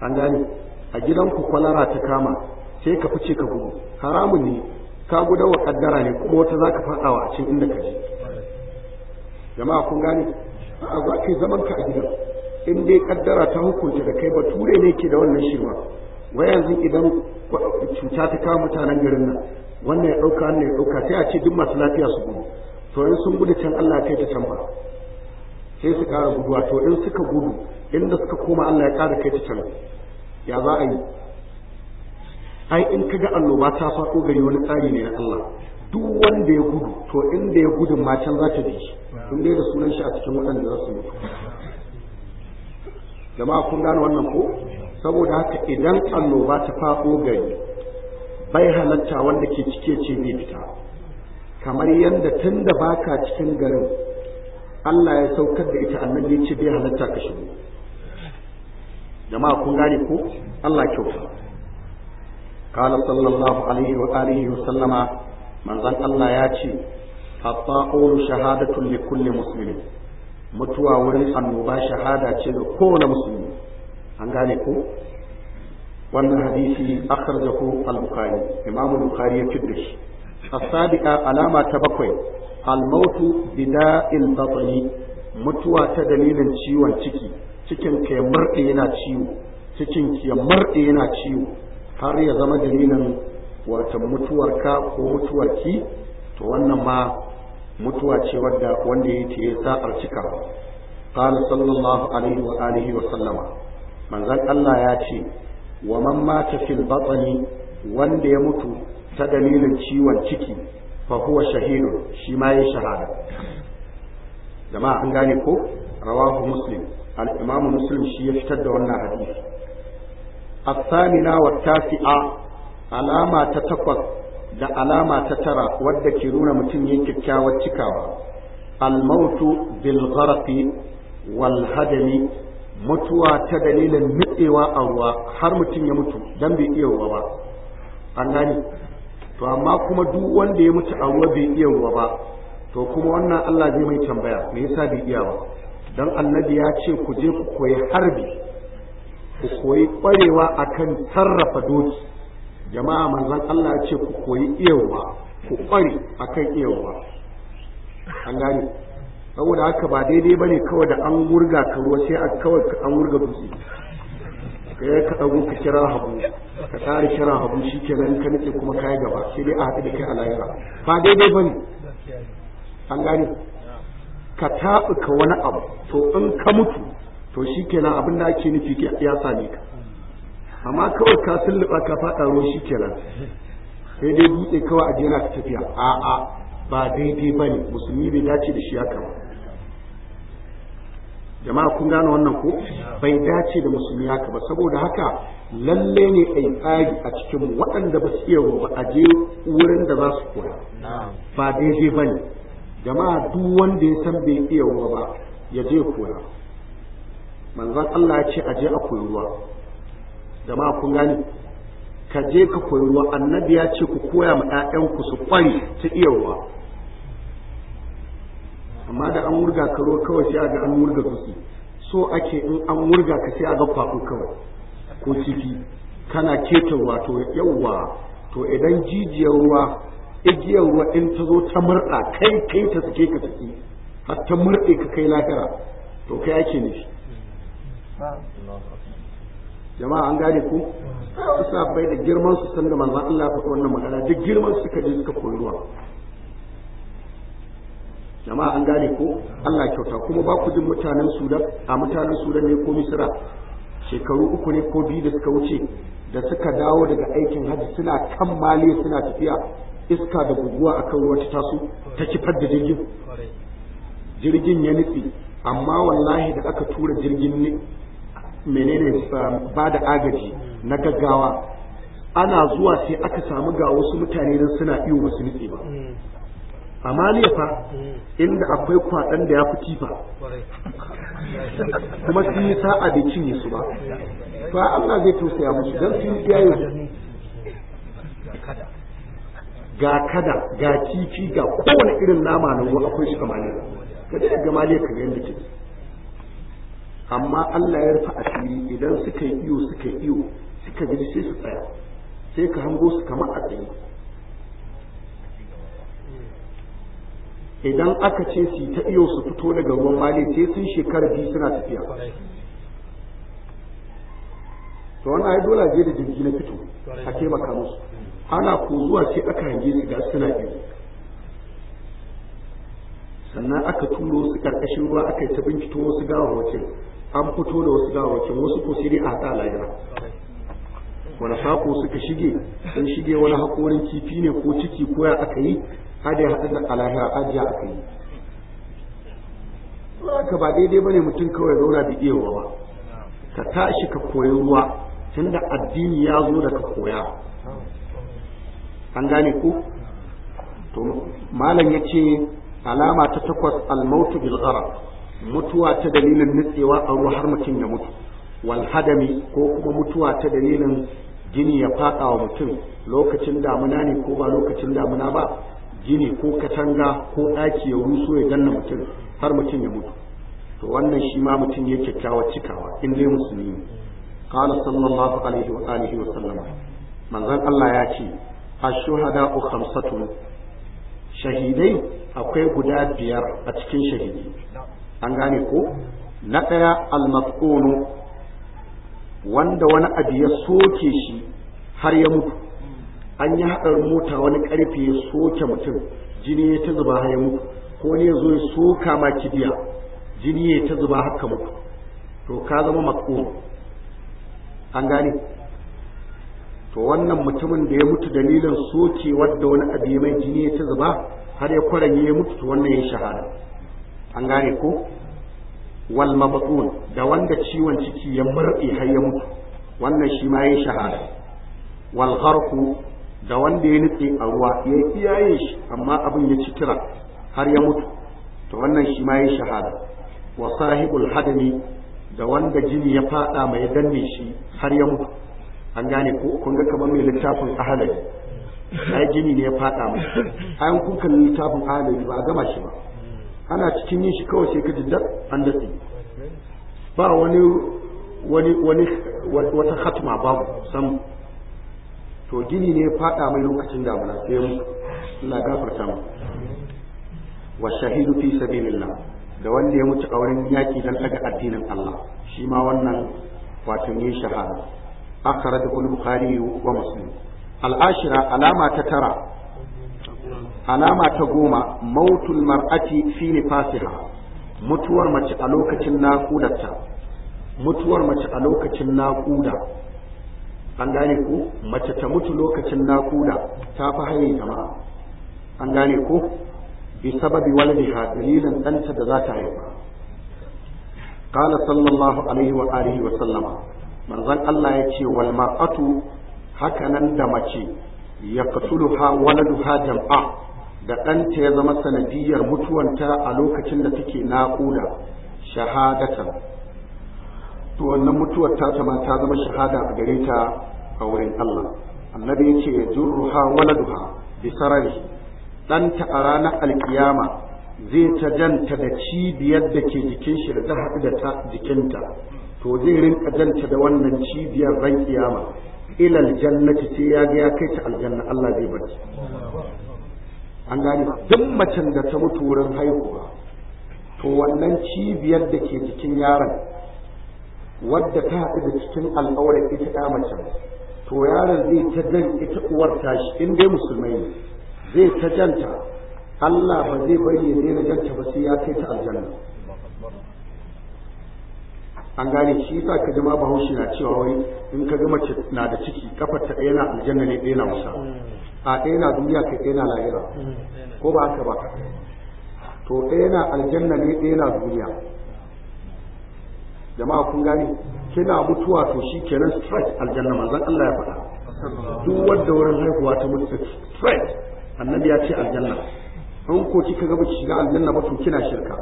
A: an gane a gidanku kwalara ta kama sai ka fice ka gudu haramun ne ka gudan wa kaddara ne kuma wata za ka faɗawa a cikin inda ka je jama'a kun gane a za ka zaman ka a gidan in dai kaddara ta hukunta da kai bature ne ke da wannan shirma wai yanzu idan cuta ta kama mutanen garin nan wannan ya ɗauka wannan ya ɗauka sai a ce duk masu lafiya su gudu to in sun gudu can Allah kai ta can ba sai su ƙara guduwa to in suka gudu inda suka koma Allah ya ƙara kai ta can ya za a yi ai in ka ga annoba ta faɗo gari wani tsari ne na Allah duk wanda ya gudu to inda ya gudun ma can za ta bi shi in dai da sunan shi a cikin waɗanda za su mutu jama'a kun gane wannan ko saboda haka idan annoba ta faɗo gari bai halatta wanda ke cike ce bai fita kamar yadda tun da baka cikin garin Allah ya saukar da ita annabi ya ce bai halatta ka shigo jama'a kun gane ko Allah kyauta قال صلى الله عليه وآله وسلم من ظن الله ياتي الطاعون mutuwa wurin مسلم shahada ce النوبة شهادة Musulmi, an gane كو wannan hadisi akhrajahu al-bukhari imam al-bukhari ya fidda shi as-sadiqa alama ta bakwai almautu bida'il batni mutuwa ta dalilin ciwon ciki cikin ke murɗe yana ciwo yana ciwo har ya zama dalilin wata mutuwarka ko mutuwarki to wannan ma mutuwa ce wadda wanda ya ce sa'ar cikawa qala sallallahu alaihi wa alihi wa sallama manzon Allah ya ce wa man mata fil batni wanda ya mutu ta dalilin ciwon ciki fa huwa shahidu shi ma yayi shahada jama'a an gane ko rawahu muslim al-imam muslim shi ya fitar da wannan hadisi الثامنة والتاسعة alama ta takwas da alama ta tara wadda ke nuna mutum yin kyakkyawar cikawa almautu bil gharafi wal hadami mutuwa ta dalilin nutsewa a ruwa har mutum ya mutu dan bai iya ruwa ba an gani to amma kuma duk wanda ya mutu a ruwa bai iya ruwa ba to kuma wannan Allah zai mai tambaya me yasa bai iya ba dan annabi ya ce ku je ku koyi harbi ku koyi kwarewa akan sarrafa doki jama'a manzon Allah ya ce ku koyi iya ruwa, ku kware akan iya ruwa. an gane saboda haka ba daidai bane kawai da an wurga ka ruwa sai a kawai an wurga dutse Eh, ka yi kaɗago ka kira habu ka tsari kira habu shi nan ka nake kuma kayan gaba sai dai a haɗu da kai a layira ba daidai ba ne an gane ka taɓa ka wani abu to in ka mutu to shi nan abin da ake nufi ya same ka amma kawai ka sulluɓa ka faɗa ruwa shi nan sai dai dutse kawai a jera ka tafiya a'a ba daidai ba ne musulmi bai dace da shi ya kama jama'a kun gane wannan ko bai dace da musulmi haka ba saboda haka lalle ne a yi tsari a cikin waɗanda ba su iya ba a je wurin da za su koya ba daidai ba ne jama'a duk wanda ya san bai iya ruwa ba ya je koya manzan Allah ya ce a je a koyi ruwa jama'a kun gane ka je ka koyi ruwa annabi ya ce ku koya ma 'ya'yanku su kwari ta iya ruwa amma da an murga karo kawai sai ga an murga kusi so ake in an wurga ka sai ga faɗo kawai ko ciki. kana ketarwa to yawwa to idan jijiyar ruwa igiyar ruwa in ta zo ta murɗa kai kai ta suke ka suke har ta murɗe ka kai lahira to kai ake nufi jama'a an gane ku sa bai da girman su san da manzon Allah ya faɗi wannan magana duk girman su suka je suka koyi ruwa jama'a an gane ko Allah kyauta kuma ba ku jin mutanen Sudan a mutanen Sudan ne ko Misira shekaru uku ne ko biyu da suka wuce da suka dawo daga aikin hajji suna kan suna tafiya iska da guguwa akan ruwa ta taso ta kifar da jirgin jirgin ya nufi amma wallahi da aka tura jirgin ne, menene ba da agaji na gaggawa ana zuwa sai aka samu ga wasu mutane don suna iyo ba su nutse ba amaliya fa inda akwai kwaɗan da ya fi tifa
B: kuma sun yi sa'a da
A: cinye su ba to Allah zai tausaya musu don sun iyaye su ga kada ga kifi ga kowane irin nama na ruwa akwai shi kamar ka ga maliya ka yanda ke amma Allah ya rufe asiri idan suka yi iyo suka yi iyo suka gani sai su tsaya sai ka hango su kamar a tsaye idan aka ce su ta iyo su fito daga ruwan mali sai sun shekara biyu suna tafiya to wani ai dole je da jirgi na fito a taimaka musu ana ko zuwa sai aka hange su ga suna biyu sannan aka turo su karkashin ruwa aka yi ta bincito wasu gawawakin an fito da wasu gawawakin wasu ko sai dai a haɗa lahira wani haƙo suka shige sun shige wani haƙorin kifi ne ko ciki ko ya aka yi kada ya haɗu da alahira ajiya a kai ka ba daidai bane mutum kawai zauna da iyawa ba ka tashi ka koyi ruwa tunda addini ya zo da ka koya an gane ku to malam ya ce alama ta takwas almautu bil mutuwa ta dalilin nutsewa a ruwa har mutum ya mutu wal hadami ko kuma mutuwa ta dalilin gini ya faɗa wa mutum lokacin damuna ne ko ba lokacin damuna ba gini ko katanga ko ɗaki ya su ya danna mutum har mutum ya mutu to wannan shi ma mutum ya kyakkyawa cikawa in dai musulmi qala sallallahu alaihi wa alihi wa sallama manzon Allah ya ce ashuhada shuhada khamsatun shahidai akwai guda biyar a cikin shahidi an gane ko na ɗaya al wanda wani abu ya soke shi har ya mutu an yi haɗar mota wani ƙarfe ya soke mutum jini ya ta zuba ya muku ko ne ya zo ya soka ma kibiya jini ya ta zuba haka muku to ka zama mako an gane to wannan mutumin da ya mutu dalilin soke wadda wani abu ya mai jini ya ta zuba har ya kwaranye ya mutu to wannan ya shahada an gane ko wal mabtun da wanda ciwon ciki ya murɗe har ya mutu wannan shi ma ya shahada wal gharqu da wanda ya nutse a ruwa ya yi iyayen shi amma abin ya ci kira har ya mutu to wannan shi ma ya shahada wa sahibul hadami da wanda jini ya fada mai danne shi har ya mutu an gane ko kun ga kamar mai littafin ahalari ai jini ne ya fada mai an kun kan littafin ahalari ba a gama shi ba ana cikin yin shi kawai sai ka ji dab an datse ba wani wani wani wata khatma babu sam to gini ne fada mai lokacin damuna sai mu Allah gafarta mu wa shahidu fi sabilillah da wanda ya mutu a wurin yaki dan daga addinin Allah shi ma wannan wato ne shahada akhrajahu al-bukhari wa muslim al-ashira alama ta tara alama ta goma mautul mar'ati fi nifasiha mutuwar mace a lokacin naƙudarta mutuwar mace a lokacin naƙuda an gane ku mace ta mutu lokacin nakuda ta fi haye jama'a an gane ku bi sababi waladiha dalilin ɗanta da za ta haifa qala sallallahu alaihi wa alihi wa sallama manzon Allah ya ce wal haka hakanan da mace ya waladu waladuha jam'a da ɗanta ya zama sanadiyar mutuwanta a lokacin da take naƙuda shahadatan to wannan mutuwar ta ma ta zama shahada a gare ta a wurin Allah annabi ya ce jurruha waladuha bi sarari ɗanta a ranar alkiyama zai ta janta da cibiyar da ke jikin shi da ta haɗu da ta jikinta to zai rinka janta da wannan cibiyar ran kiyama ilal jannati sai ya ga ya kai ta aljanna Allah zai bar an gane duk macen da ta mutu wurin haihuwa to wannan cibiyar da ke jikin yaron wadda ta haɗu da cikin al'aurar ita ɗa mace to yaron zai ta jan ita uwar tashi in dai musulmai ne zai ta janta Allah ba zai bari ya daina janta ba sai ya kai ta aljanna an gane shi yasa ka ji ma bahaushe na cewa wai in ka ga mace na da ciki kafar ta ɗaya na aljanna ne ɗaya na wasa a ɗaya na duniya kai ɗaya na lahira ko ba haka ba to ɗaya na aljanna ne ɗaya na duniya jama'a kun gane kina mutuwa to shi kenan straight aljanna manzon Allah ya faɗa duk wanda wurin haihuwa ta mutu straight annabi ya ce aljanna an ko kika ga shi shiga aljanna ba to kina shirka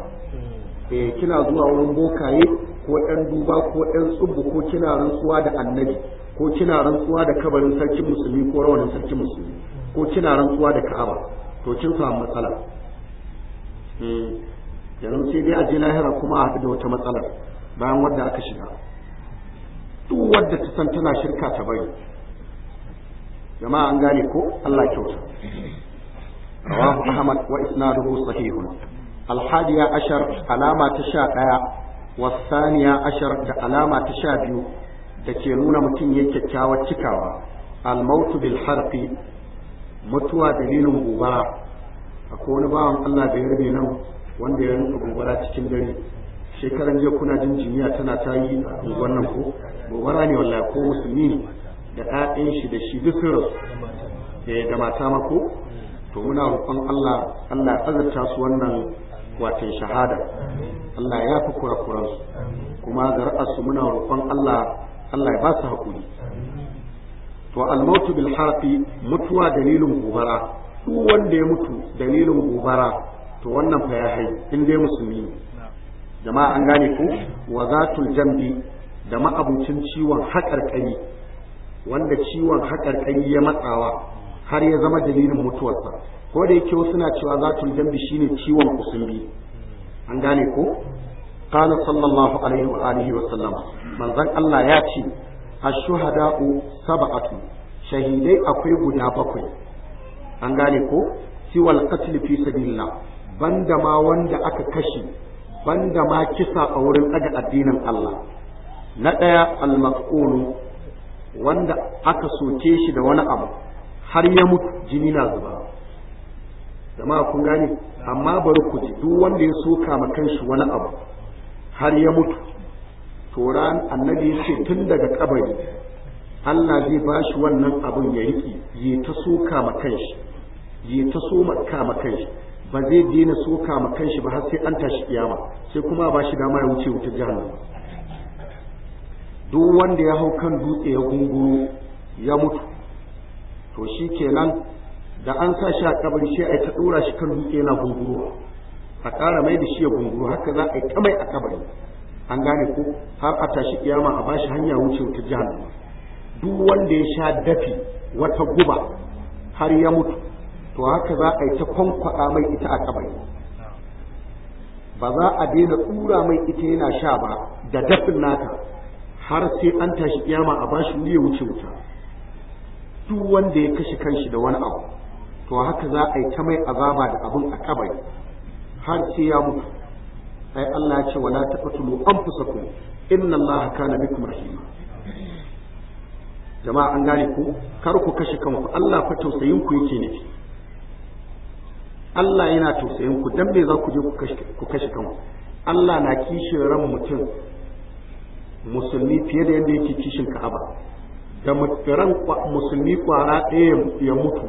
A: eh kina zuwa wurin bokaye ko ɗan duba ko ɗan tsubbu ko kina rantsuwa da annabi ko kina rantsuwa da kabarin sarkin musulmi ko rawanin sarkin musulmi ko kina rantsuwa da ka'aba to kin samu matsala hmm. yanzu sai dai a je lahira kuma a haɗu da wata matsalar bayan wadda aka shiga duk wadda ta san tana shirka ta bari jama an gane ko Allah kyauta rawahu ahmad wa isnaduhu sahihun alhadiya ashar alama ta sha daya wasaniya ashar da alama ta sha biyu da ke nuna mutum ya kyakkyawar cikawa almautu bil harfi mutuwa dalilin gobara akwai wani bawan Allah da ya nan wanda ya nufa gobara cikin dare shekaran jiya kuna jin jiniya tana ta yi wannan ko gobara ne wallahi ko musulmi ne da ɗaɗin shi da shi duk rasu eh, da mata mako to muna roƙon Allah Allah azurta su wannan watan shahada Allah ya fi kurakuran su kuma ra'asu muna roƙon Allah Allah ya ba su haƙuri to almautu bil harfi mutuwa dalilin gobara duk wanda ya mutu dalilin gobara to wannan fa ya hai in dai musulmi jama'a an gane ku wa zatul jambi da ma'abucin ciwon haƙarƙari wanda ciwon haƙarƙari ya matsawa har ya zama dalilin mutuwarsa ko da yake wasu na cewa zatul jambi shine ciwon kusumbi an gane ko kana sallallahu alaihi wa alihi wa sallam manzon Allah ya ce ash-shuhada'u sab'atu shahidai akwai guda bakwai an gane ko siwal qatl fi sabilillah banda ma wanda aka kashe banda ma kisa a wurin ɗaga addinin Allah na ɗaya almaqulu wanda aka soke shi da wani abu har ya mutu jini na zuba zama kun gane amma bari ku ji duk wanda ya soka ma kanshi wani abu har ya mutu to ran annabi ya ce tun daga kabari Allah zai ba shi wannan abin ya riƙe ya ta soka ma kanshi yi ta soka ma kanshi ba zai daina soka ma kanshi ba har sai an tashi kiyama sai kuma ba shi dama ya wuce wuta jahannama duk wanda ya hau kan dutse ya gunguru ya mutu to shi kenan da an sa shi a kabari sai a ta dora shi kan dutse yana gunguru a ƙara mai da shi ya gunguru haka za a yi mai a kabari an gane ko har a tashi kiyama a bashi hanya wuce wuta jahannama duk wanda ya sha dafi wata guba har ya mutu to haka za a yi ta kwankwaɗa mai ita a kabari ba za a daina tsura mai ita yana sha ba da dafin nata har sai an tashi kiyama a bashi wuri ya wuce wuta duk wanda ya kashe kanshi da wani abu to haka za a yi ta mai azaba da abin a kabari har sai ya mutu ai Allah ya ce wala taqtulu anfusakum inna Allah kana bikum rahima jama'a an gane ku kar ku kashe kanku Allah fa tausayin ku yake ne Allah yana tausayin ku dan me za ku je ku kashe kanku Allah na kishin ran mutum musulmi fiye da yadda yake kishin Ka'aba da ran musulmi kwara ɗaya ya mutu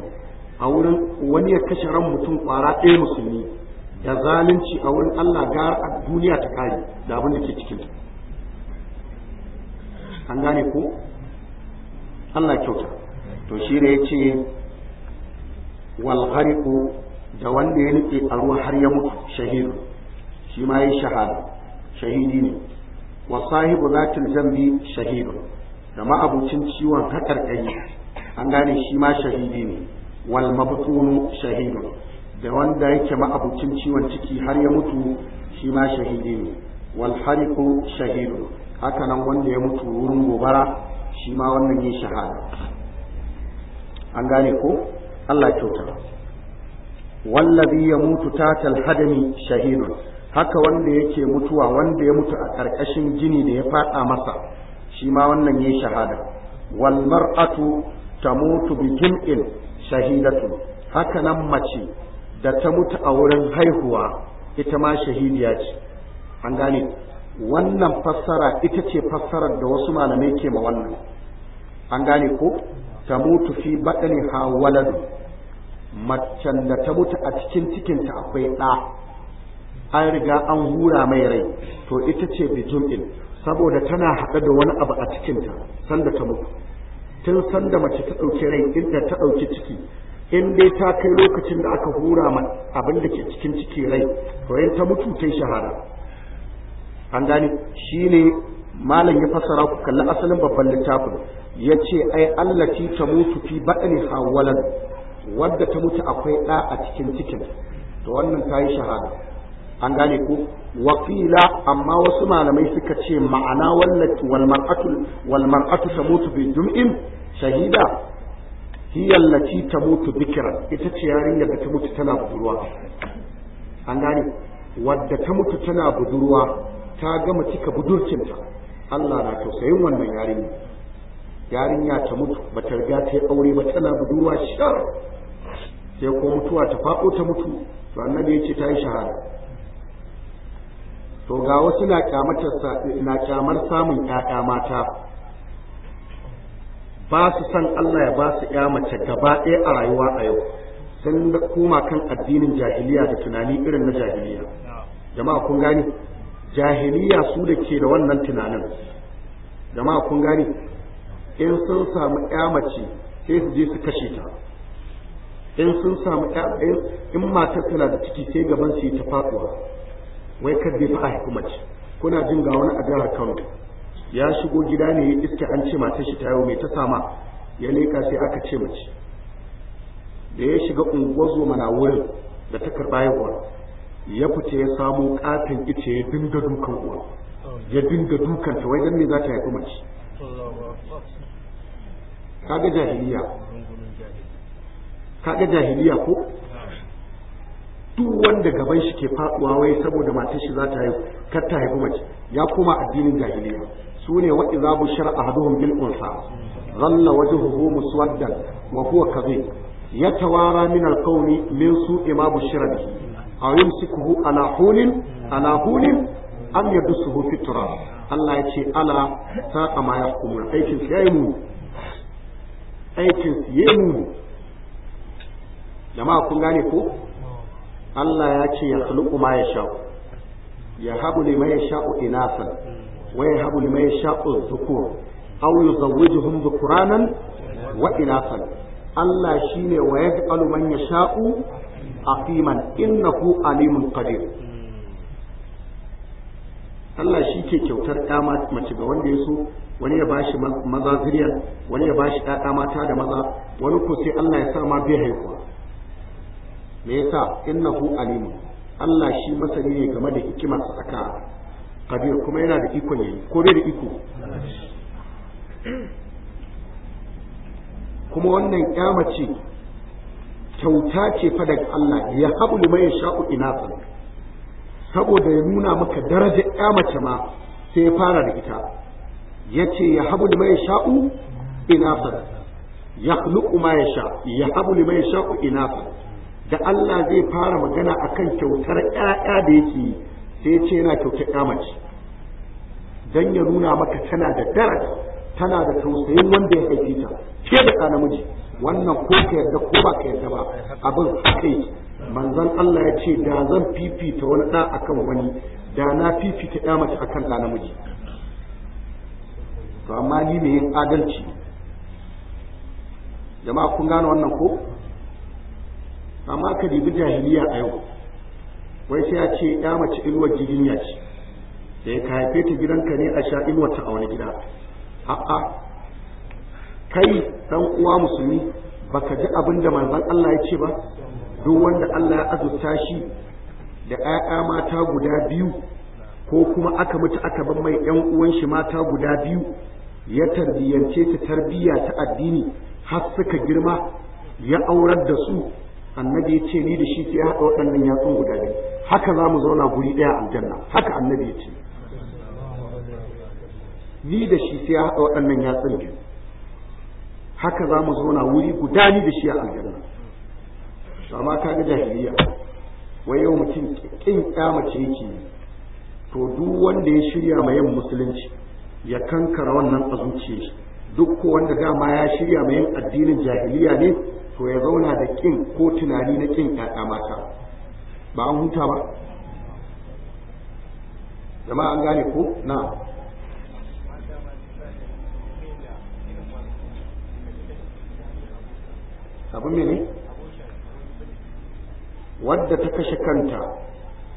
A: a wurin wani ya kashe ran mutum kwara ɗaya musulmi da zalunci a wurin Allah gara duniya ta kare da abin da ke cikin an gane ko Allah kyauta to shi ne ya ce wal da wanda ya nufi a ruwa har ya mutu shahidu shi ma ya shahada shahidi ne wa sahibu zatin zambi shahidu, da ma'abucin ciwon ciwon hakarkari an gane shi ma shahidi ne wal mabtunu shahidu. da wanda yake ma'abucin ciwon ciki har ya mutu shi ma shahidi ne wal hariku shahidu haka nan wanda ya mutu wurin gobara shi ma wannan ya shahada an gane ko Allah kyauta wallazi ya mutu tatal hadami shahidun haka wanda yake mutuwa wanda ya mutu a ƙarƙashin jini da ya faɗa masa shi ma wannan yayi shahada wal mar'atu tamutu bi jim'in shahidatu, haka nan mace da ta mutu a wurin haihuwa ita ma shahidiya ce an gane wannan fassara ita ce fassarar da wasu malamai ke ma wannan an gane ko tamutu fi baɗani ha waladu macen da ta mutu a cikin cikinta akwai ɗa an riga an hura mai rai to ita ce bijum'in saboda tana haɗe da wani abu a cikinta sanda ta mutu tun sanda mace ta ɗauki rai inda ta ɗauki ciki in dai ta kai lokacin da aka hura ma abin da ke cikin ciki rai to in ta mutu ta shahara an gane shine malam ya fassara ku kalli asalin babban littafin ya ce ai allati ta mutu fi baɗani hawalan wadda ta mutu akwai ɗa a cikin cikin to wannan ta yi shahada an gane ko wakila amma wasu malamai suka ce ma'ana wallati wal mar'atu wal bi jum'in shahida hiya allati tamutu bikra ita ce yarinyar da ta mutu tana budurwa an gane wadda ta mutu tana budurwa ta gama cika budurcinta Allah na tausayin wannan yarinyar yarinya ta mutu ba ta riga ta yi aure ba tana budurwa shar sai ko mutuwa ta faɗo ta mutu to annabi ya ce ta yi shahara. to ga wasu na na kyamar samun ƴaƴa mata ba su san Allah ya ba su ƴa mace gaba ɗaya a rayuwa a yau sun da koma kan addinin jahiliya da tunani irin na jahiliya jama'a kun gane jahiliya su da ke da wannan tunanin jama'a kun gane in sun samu ya mace sai su je su kashe ta in sun samu in matar tana da ciki sai gaban su yi ta faɗuwa wai kar dai fa haifi mace kuna jin ga wani a jihar Kano ya shigo gida ne ya iska an ce matar shi ta yau mai ta sama ya leka sai aka ce mace da ya shiga unguwar zoma na wurin da ta karɓa haihuwa ya fice ya samo katin ice ya dinga dukan uwa ya dinga dukanta wai dan me za ta haifi mace
B: kaga jahiliya
A: kaga jahiliya ko duk wanda gaban shi ke faduwa wai saboda matar shi za ta haihu kar ta haifi mace ya koma addinin jahiliya Sune ne wa a bushara ahaduhum bil unsa dhalla wajhuhu muswaddan wa huwa kadhib yatawara min al qawmi min su'i ma bushira a yin yumsikuhu ala hulin ala hulin am yadussuhu hufi Allah ya ce ala sa'a ma kuma aikin sai mu aikin su yi mugu jama'a kun gane ko Allah ya ce ya khluqu ma sha'u, ya habu liman yasha'u inasan wa ya habu liman yasha'u dhukur aw yuzawwijuhum zukuranan wa inasan Allah shine wa ya yaj'alu man yasha'u aqiman innahu alimun qadir Allah shi ke kyautar ɗa mace ga wanda ya so wani ya ba shi maza zuriyar wani ya ba shi ɗaɗa mata da maza wani ko sai Allah ya sa ma bai haihuwa me yasa innahu alimu Allah shi masani ne game da hikimar tsaka kabir kuma yana da iko ne ko bai da iko kuma wannan mace kyauta ce fa daga Allah ya habu liman sha'u inasan saboda ya nuna maka daraja ya mace ma sai ya fara da ita ya ce ya habu da mai sha'u inafa ya khluqu ma ya sha ya habu da mai sha'u inafa da Allah zai fara magana akan kyautar ƴaƴa da yake sai ya ce yana kyautar ƴa mace dan ya nuna maka tana da daraja tana da tausayin wanda ya haife ta ke da ka namiji wannan ko ka yarda ko ba ka yarda ba abin haka manzon Allah ya ce da zan fifita wani ɗa akan wani da na fifita ɗa mace akan ɗa namiji to amma ni mai yin adalci jama'a kun gane wannan ko amma ka dibi jahiliya a yau wai sai ya ce ya mace inuwar ya ce sai ka haife ta gidanka ne a sha inuwar a wani gida a'a kai dan uwa musulmi baka ji abin da manzon Allah ya ce ba duk wanda Allah ya azurta shi da ‘ya'ya mata guda biyu ko kuma aka mutu aka bar mai ‘yan uwan shi mata guda biyu ya tarbiyyance ta tarbiyya ta addini har suka girma ya aurar da su annabi ya ce ni da shi sai haɗa waɗannan yatsun guda biyu haka za mu zauna guri ɗaya aljanna haka annabi ya ce ni da shi sai haɗa waɗannan yatsun biyu haka za mu zauna wuri guda ni da shi a aljanna to amma ka ga jahiliya wai yau mutum kin mace yake to duk wanda ya shirya ma yin musulunci ya kankara wannan azuci duk ko wanda dama ya shirya ma yin addinin jahiliya ne to ya zauna da kin ko tunani na kin ƴaƴa mata ba an huta ba jama'a an gane ko na abin mene wadda ta kashe kanta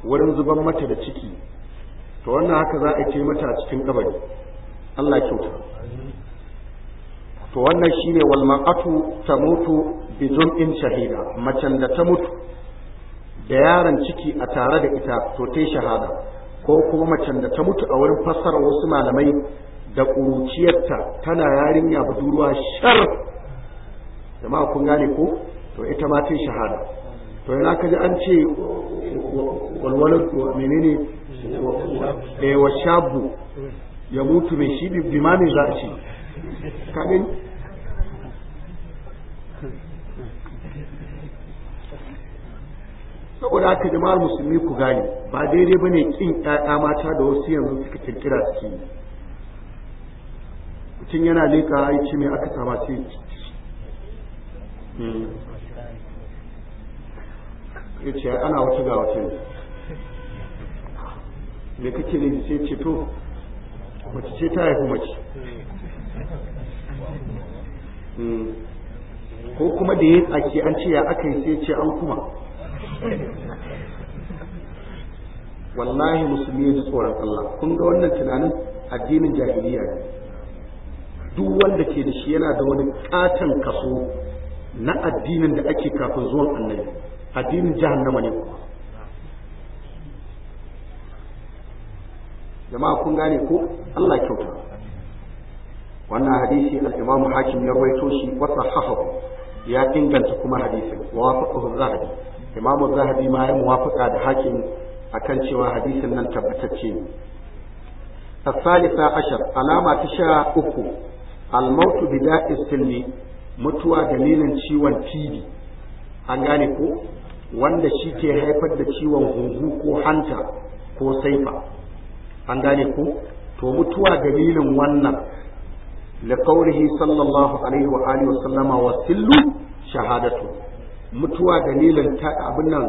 A: wurin zuban mata da ciki to wannan haka za a ce mata a cikin kabari Allah kyauta to wannan shine wal ma'atu tamutu bi jum'in shahida macen da ta mutu da yaron ciki a tare da ita to tai shahada ko kuma macen da ta mutu a wurin fassara wasu malamai da ƙuruciyarta tana yarinya budurwa shar jama'a kun gane ko to ita ma tai shahada to yana kaji an ce walwalar ne eh wa shabu ya mutu mai shi bi ma ne za a ce ka saboda saboda haka jama'ar musulmi ku gane ba daidai ba ne kin ƴaƴa mata da wasu yanzu suka kirkira suke yi mutum yana leƙa ya ce mai aka sama sai ya ce ana wata ga wata ne me kake ne sai ce to ce ta haifi mace hmm. ko kuma da ya tsaki an ce ya aka yi sai ce an kuma wallahi musulmi ya ji tsoron Allah kun ga wannan tunanin addinin jahiliya ne duk wanda ke da shi yana da wani katon kaso na addinin da ake kafin zuwan annabi addinin jahannama ne kuma jama'a kun gane ko Allah kyauta wannan hadisi al-Imam Hakim ya rawaito shi wa sahahahu ya inganta kuma hadisin wa wafaqahu Zahabi Imam Zahabi ma ya muwafaqa da Hakim akan cewa hadisin nan tabbatacce ne الثالثة عشر علامة تشاء أكو الموت بداء السلم mutuwa dalilin ciwon TB an gane ko wanda shi ke haifar da ciwon hungu ko hanta ko saifa an gane ku to mutuwa dalilin wannan da kaurihi sallallahu alaihi wa alihi wa sallama wa sillu shahadatu mutuwa dalilin ta abin nan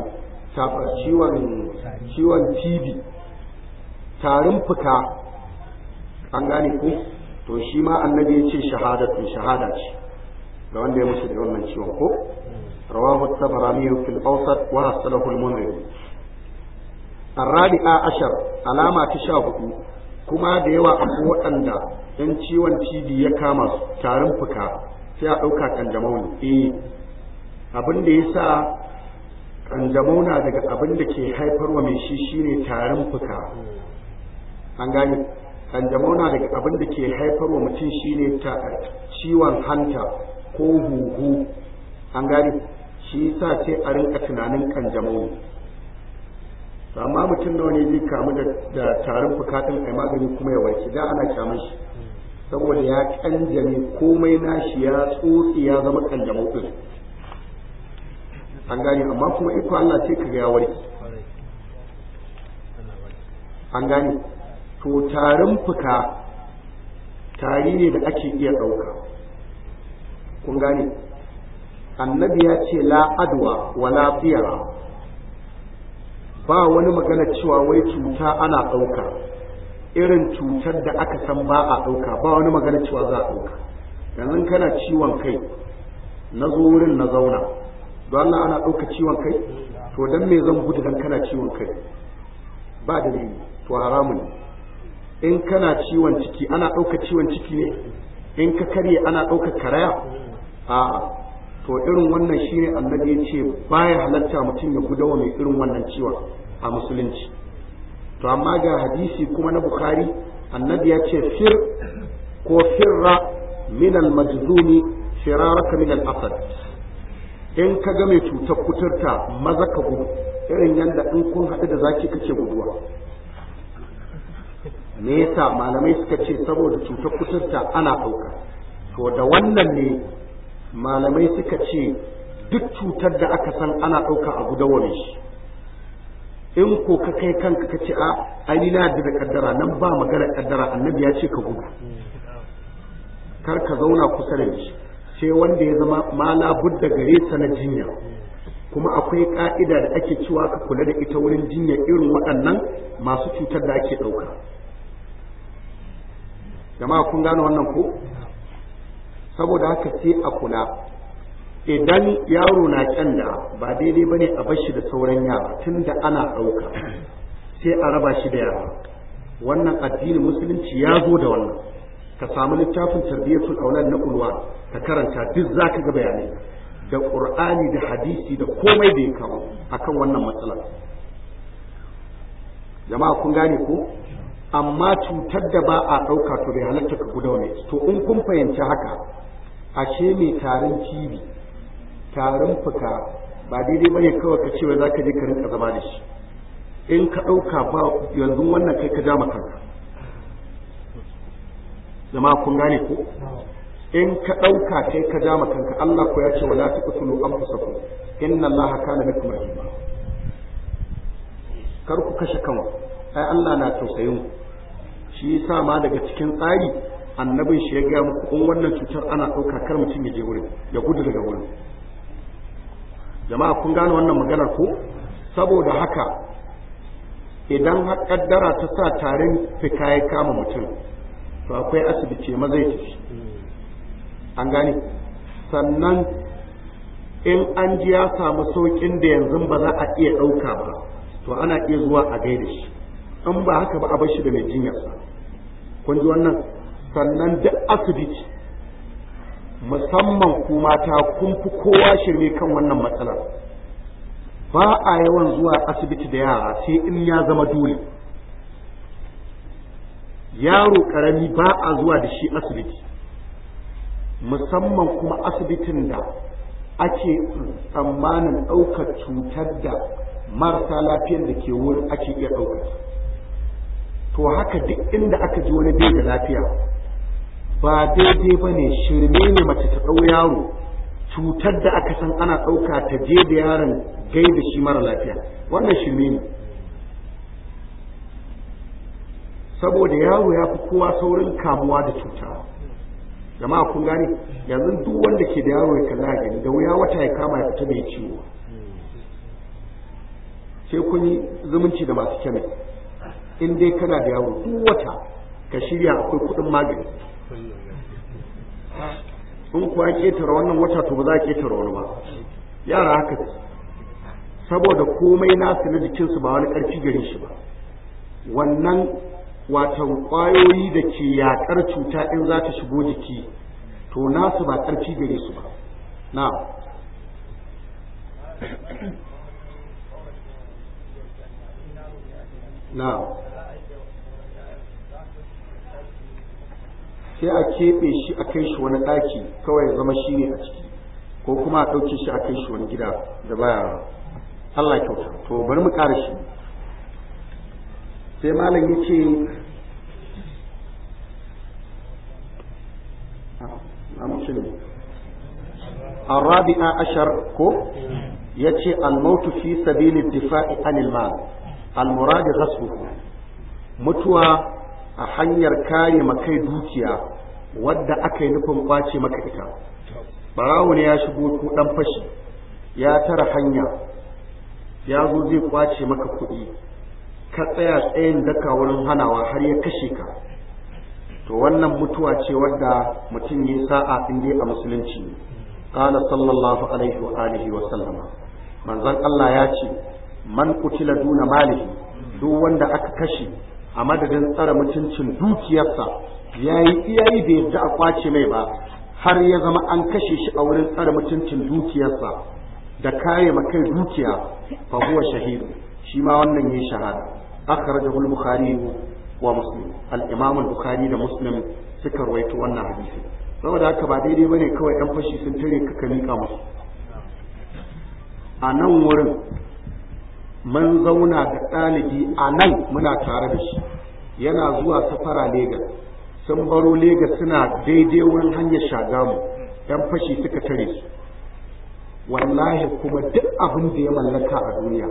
A: ciwon ciwon TV, tarin fuka an gane ku to shi ma annabi ya ce shahadatu shahada ce ga wanda ya mutu da wannan ciwon ko رواه الطبراني في الأوسط وحصله المنذر الرابعة عشر علامة تشابه كما ديوا أبو أندا إن ciwon cibi ya kama su tarin fuka sai a ɗauka kanjamau ne abin da ya sa kanjamau na daga abin da ke haifarwa mai shi shine tarin fuka an gani. kanjamau na daga abin da ke haifarwa mutum shine ciwon hanta ko huhu an gani. shi sa sai a rinka tunanin kan jama'u amma mutum nawa ne zai kamu da tarin fukatun a magani kuma ya warke da ana kyamun shi saboda ya kanjame komai nashi ya tsotsi ya zama kanjamau ɗin. an gane amma kuma iko Allah sai kaga ya warke an gane to tarin fuka tari ne da ake iya ɗauka kun gane annabi ya ce la adwa wala fiyara ba wani magana cewa wai cuta ana ɗauka irin cutar da aka san ba a ɗauka ba wani magana cewa za a ɗauka yanzu kana ciwon kai na zo wurin na zauna don Allah ana ɗauka ciwon kai to dan me zan gudu dan kana ciwon kai ba da ni to haramun in kana ciwon ciki ana ɗauka ciwon ciki ne in ka karye ana ɗauka karaya a'a to irin wannan shine annabi ya ce baya halatta mutum ya gudawa mai irin wannan ciwon a musulunci to amma ga hadisi kuma na bukhari annabi ya ce fir ko firra min al majzumi firaraka min al asad in ka ga mai cutar kuturta maza ka gudu irin yadda in kun haɗu da zaki kake guduwa me yasa malamai suka ce saboda cutar kuturta ana ɗauka to da wannan ne malamai suka ce duk cutar da aka san ana ɗauka a gudawarin shi in ko ka kai kanka ka ce a ai na da kaddara nan ba magana kaddara annabi ya ce ka gudu kar ka zauna kusa da shi sai wanda ya zama mala budda gare sa na jinya kuma akwai ka'ida da ake cewa ka kula da ita wurin jinya irin waɗannan masu cutar da ake ɗauka jama'a kun gane wannan ko saboda haka sai a kula idan yaro na kyanda ba daidai bane a bar shi da sauran yara tunda ana ɗauka sai a raba shi da yara wannan addinin musulunci ya zo da wannan ka samu littafin tarbiyyatul aulad na ulwa ka karanta duk zaka ga bayanai da qur'ani da hadisi da komai da ya akan wannan matsala jama'a kun gane ko amma cutar da ba a ɗauka to bai halatta ka ne, to in kun fahimci haka ashe mai tarin cibi tarin fuka ba daidai ne kawai ka ce za ka je ka rinka zama da shi in ka ɗauka ba yanzu wannan kai ka jama kanka zama kun gane ko in ka ɗauka kai ka jama kanka Allah ko ya ce wala taqtulu ku inna Allaha na bikum rahima kar ku kashe kanwa ai Allah na tausayin ku shi yasa ma daga cikin tsari annabin shi ya gaya muku in wannan cutar ana ɗauka kar mutum ya je wurin ya gudu daga wurin jama'a kun gane wannan magana ko saboda haka idan har kaddara ta sa tarin fika ya kama mutum to akwai asibiti ma zai tafi an gane sannan in an ji ya samu saukin da yanzu ba za a iya ɗauka ba to ana iya zuwa a gaida shi in ba haka ba a bar shi da mai jinyarsa kun ji wannan sannan duk asibiti musamman ku mata kun fi kowa shirme kan wannan matsalar ba a yawan zuwa asibiti da yara sai in ya zama dole yaro karami ba a zuwa da shi asibiti musamman kuma asibitin da ake tsammanin ɗaukar cutar da marasa lafiyar da ke wurin ake iya ɗaukar to haka duk inda aka ji wani bai da lafiya ba daidai ba ne shirme ne mace ta ɗau yaro cutar da aka san ana ɗauka ta je da yaron gai da shi mara lafiya wannan shirme ne saboda yaro ya fi kowa saurin kamuwa da cuta jama'a kun gane yanzu duk wanda ke da yaro ya kalla gani da wuya wata ya kama ya fita mai ciwo ce kun yi zumunci da masu kyamai in dai kana da yaro duk wata ka shirya akwai kuɗin magani in kuwa ketare wannan wata to ba za a ketare wani ba yara haka saboda komai nasu na jikinsu ba wani ƙarfi gare shi ba wannan watan ƙwayoyi da ke yaƙar cuta in za ta shigo jiki to nasu ba ƙarfi gare su ba na na sai a keɓe shi a kai shi wani ɗaki kawai ya zama shi ne a ciki ko kuma a ɗauke shi a kai shi wani gida da baya Allah kyauta to bari mu ƙara shi sai malam ya ce الرابعة عشر كو يتي الموت في سبيل الدفاع عن المال المراد غصبه mutuwa a hanyar kare makai dukiya wadda aka yi nufin kwace maka ita barawo ne ya shigo ko dan fashi ya tara hanya ya zo zai kwace maka kuɗi ka tsaya tsayin daka wurin hanawa har ya kashe ka to wannan mutuwa ce wadda mutum ya sa'a in dai a musulunci ne sallallahu alaihi wa alihi wa sallama manzon Allah ya ce man kutila duna malihi duk wanda aka kashe a madadin tsara mutuncin dukiyarsa ya yi iyayi da yadda a kwace mai ba har ya zama an kashe shi a wurin tsara mutuncin dukiyarsa da kaye kai dukiya fa huwa shahidu shi ma wannan yayi shahada Aka al-bukhari wa muslim al-imam bukhari da muslim suka rawaito wannan hadisi saboda haka ba daidai bane kawai ɗan fashi sun tare ka mika musu a nan wurin mun zauna da ɗalibi a nan muna tare da shi yana zuwa safara Legas sun baro Legas suna daidai wurin hanyar shagamu yan fashi suka tare su wallahi kuma duk abin da ya mallaka a duniya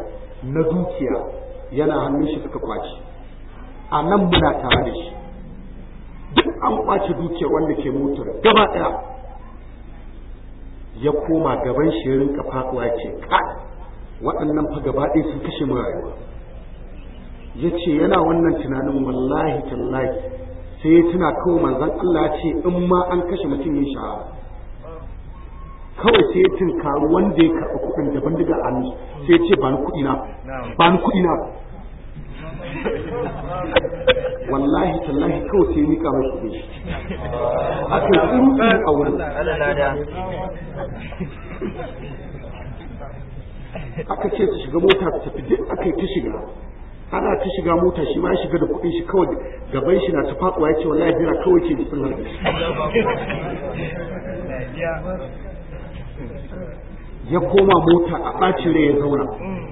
A: na dukiya yana hannun shi suka kwaci a nan muna tare da shi duk an kwace dukiya wanda ke motar gaba ɗaya ya koma gaban shirin rinka fakuwa ce kai waɗannan fa gaba ɗaya sun kashe mu rayuwa ya ce yana wannan tunanin wallahi tallahi sai ya tuna kawai manzan Allah ya ce in ma an kashe mutum ya sha kawai sai ya karu wanda ya karɓi kuɗin daban daga a hannu sai ya ce ba ni kuɗi na ba ni kuɗi na
B: wallahi tallahi
A: kawai sai ya mika mai kuɗi a kai tsuru a wurin aka ce su shiga mota su tafi duk aka yi ta shiga ana ta shiga mota shi ma ya shiga da kuɗin shi kawai gaban shi na ta faɗuwa ya ce wa kawai ke sun harbe ya koma mota a ɓacin rai ya zauna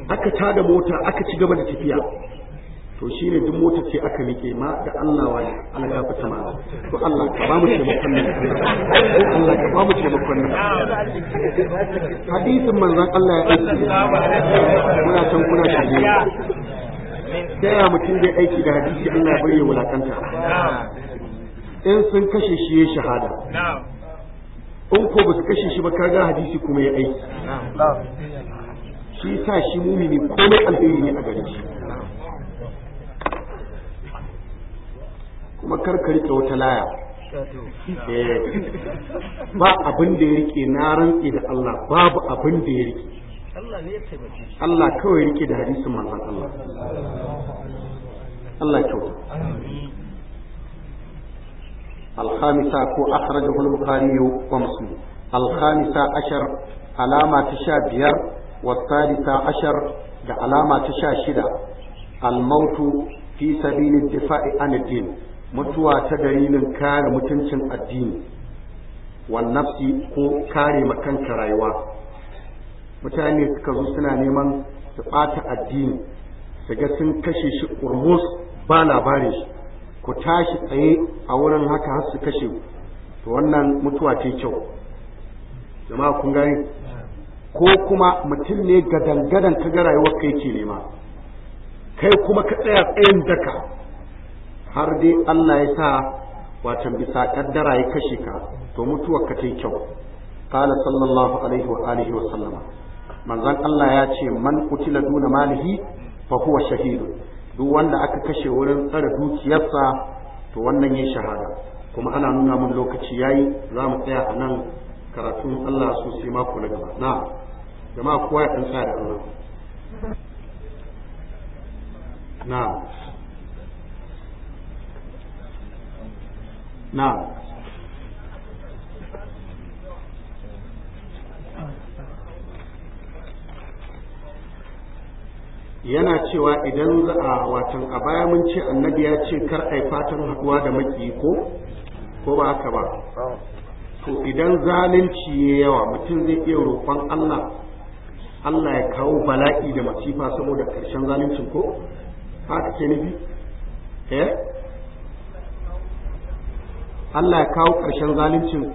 A: aka tada mota aka ci gaba da tafiya to shi ne duk motar ce aka nike ma da Allah wa Allah ya fita ma to Allah ka ba mu taimakon nan Allah ka ba mu taimakon nan
B: hadisin manzon Allah ya aiki muna can kuna shi ta yaya mutum zai aiki da hadisi Allah ya bari wulakanta
A: in sun kashe shi ya shahada in ko ba su kashe shi ba ka ga hadisi kuma ya aiki shi sa shi mumini komai alheri ne a gare shi kuma karka rike wata laya
B: eh, ba abin
A: da ya rike na rantsi da Allah babu abin da ya rike
B: Allah kawai rike da hadisin manzon Allah
A: Allah kyauta الخامسة كو أخرجه البخاري ومسلم الخامسة عشر علامة شابير والثالثة عشر علامة شاشدة الموت في سبيل الدفاع عن الدين mutuwa ta dalilin kare mutuncin addini wa nafsi ko kare makanka rayuwa mutane suka zo suna neman su ɓata addini su ga sun kashe shi urmus ba labarin shi ku tashi tsaye a wurin haka har su kashe to wannan mutuwa ce kyau jama'a kun gani ko kuma mutum ne dangadan ta ga rayuwar kai ke nema kai kuma ka tsaya tsayin daka har dai Allah ya sa wato bisa kaddara ya kashe ka to mutuwar ka kyau qala sallallahu alaihi wa alihi wa sallama manzon Allah ya ce man kutila duna malihi fa huwa shahid duk wanda aka kashe wurin tsara dukiyarsa to wannan ya shahada kuma ana nuna mun lokaci yayi za mu tsaya a nan karatun Allah su sai mako na gaba na jama'a kowa ya tsaya da Allah na نعم yana cewa idan za a watan a baya mun ce annabi ya ce kar ai fatan haɗuwa da maki ko ko ba haka ba to idan zalunci ya yawa mutum zai iya roƙon Allah Allah ya kawo bala'i da masifa saboda ƙarshen zaluncin ko haka ke nufi eh Allah ya kawo ƙarshen zaluncin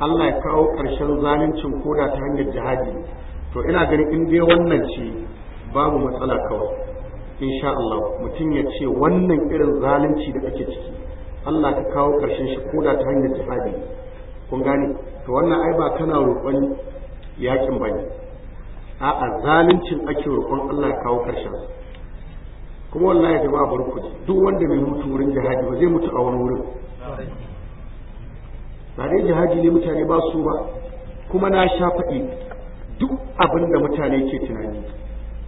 A: Allah ya kawo ƙarshen zaluncin koda ta hanyar jihadi to ina ganin in dai wannan ce babu matsala kawai insha Allah mutum ya ce wannan irin zalunci da ake ciki Allah ka kawo ƙarshen shi koda ta hanyar jihadi kun gane to wannan ai ba kana roƙon yakin bane a'a zaluncin ake roƙon Allah ya kawo ƙarshen kuma wallahi jama'a bar ku duk wanda bai mutu wurin jihadi ba zai mutu a wani wurin ba dai jihadi ne mutane ba su ba kuma na sha faɗi duk abin da mutane ke tunani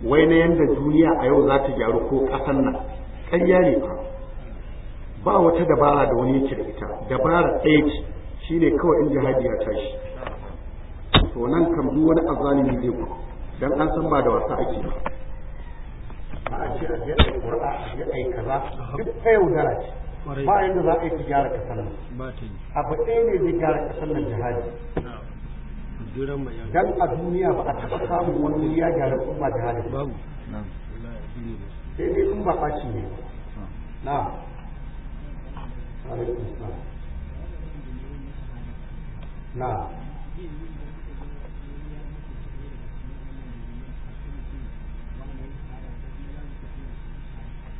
A: wai na yanda duniya a yau za ta gyaru ko ƙasan nan ƙarya ne fa ba wata dabara da wani yake da ita dabara ɗaya ce shine kawai in jihadi ya tashi to nan kam duk wani azalimi zai gudu dan an san ba da wasa ake ba a a a ba za a yi ta gyara nan abu ɗaya ne zai gyara nan jihadi dan a duniya ba a taɓa samun wani ya gyara kuma jihadi ba sai dai in ba ne na na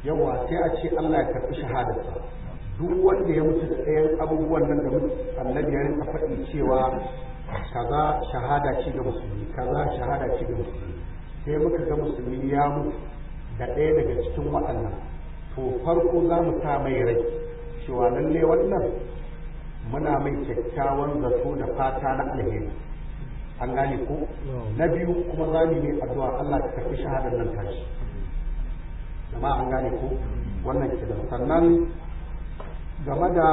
A: yawa sai a ce Allah ya karɓi shahada duk wanda ya mutu da ɗayan abubuwan nan da annabi ya rinka faɗi cewa kaza shahada ce ga musulmi kaza shahada ce ga musulmi sai muka ga musulmi ya mutu da ɗaya daga cikin waɗannan to farko za mu sa mai rai cewa lalle wannan muna mai kyakkyawan zato da fata na alheri an gane ko na biyu kuma za mu yi addu'a Allah ta karɓi shahadar nan tashi jama'a an gane ko wannan ke da sannan
B: game da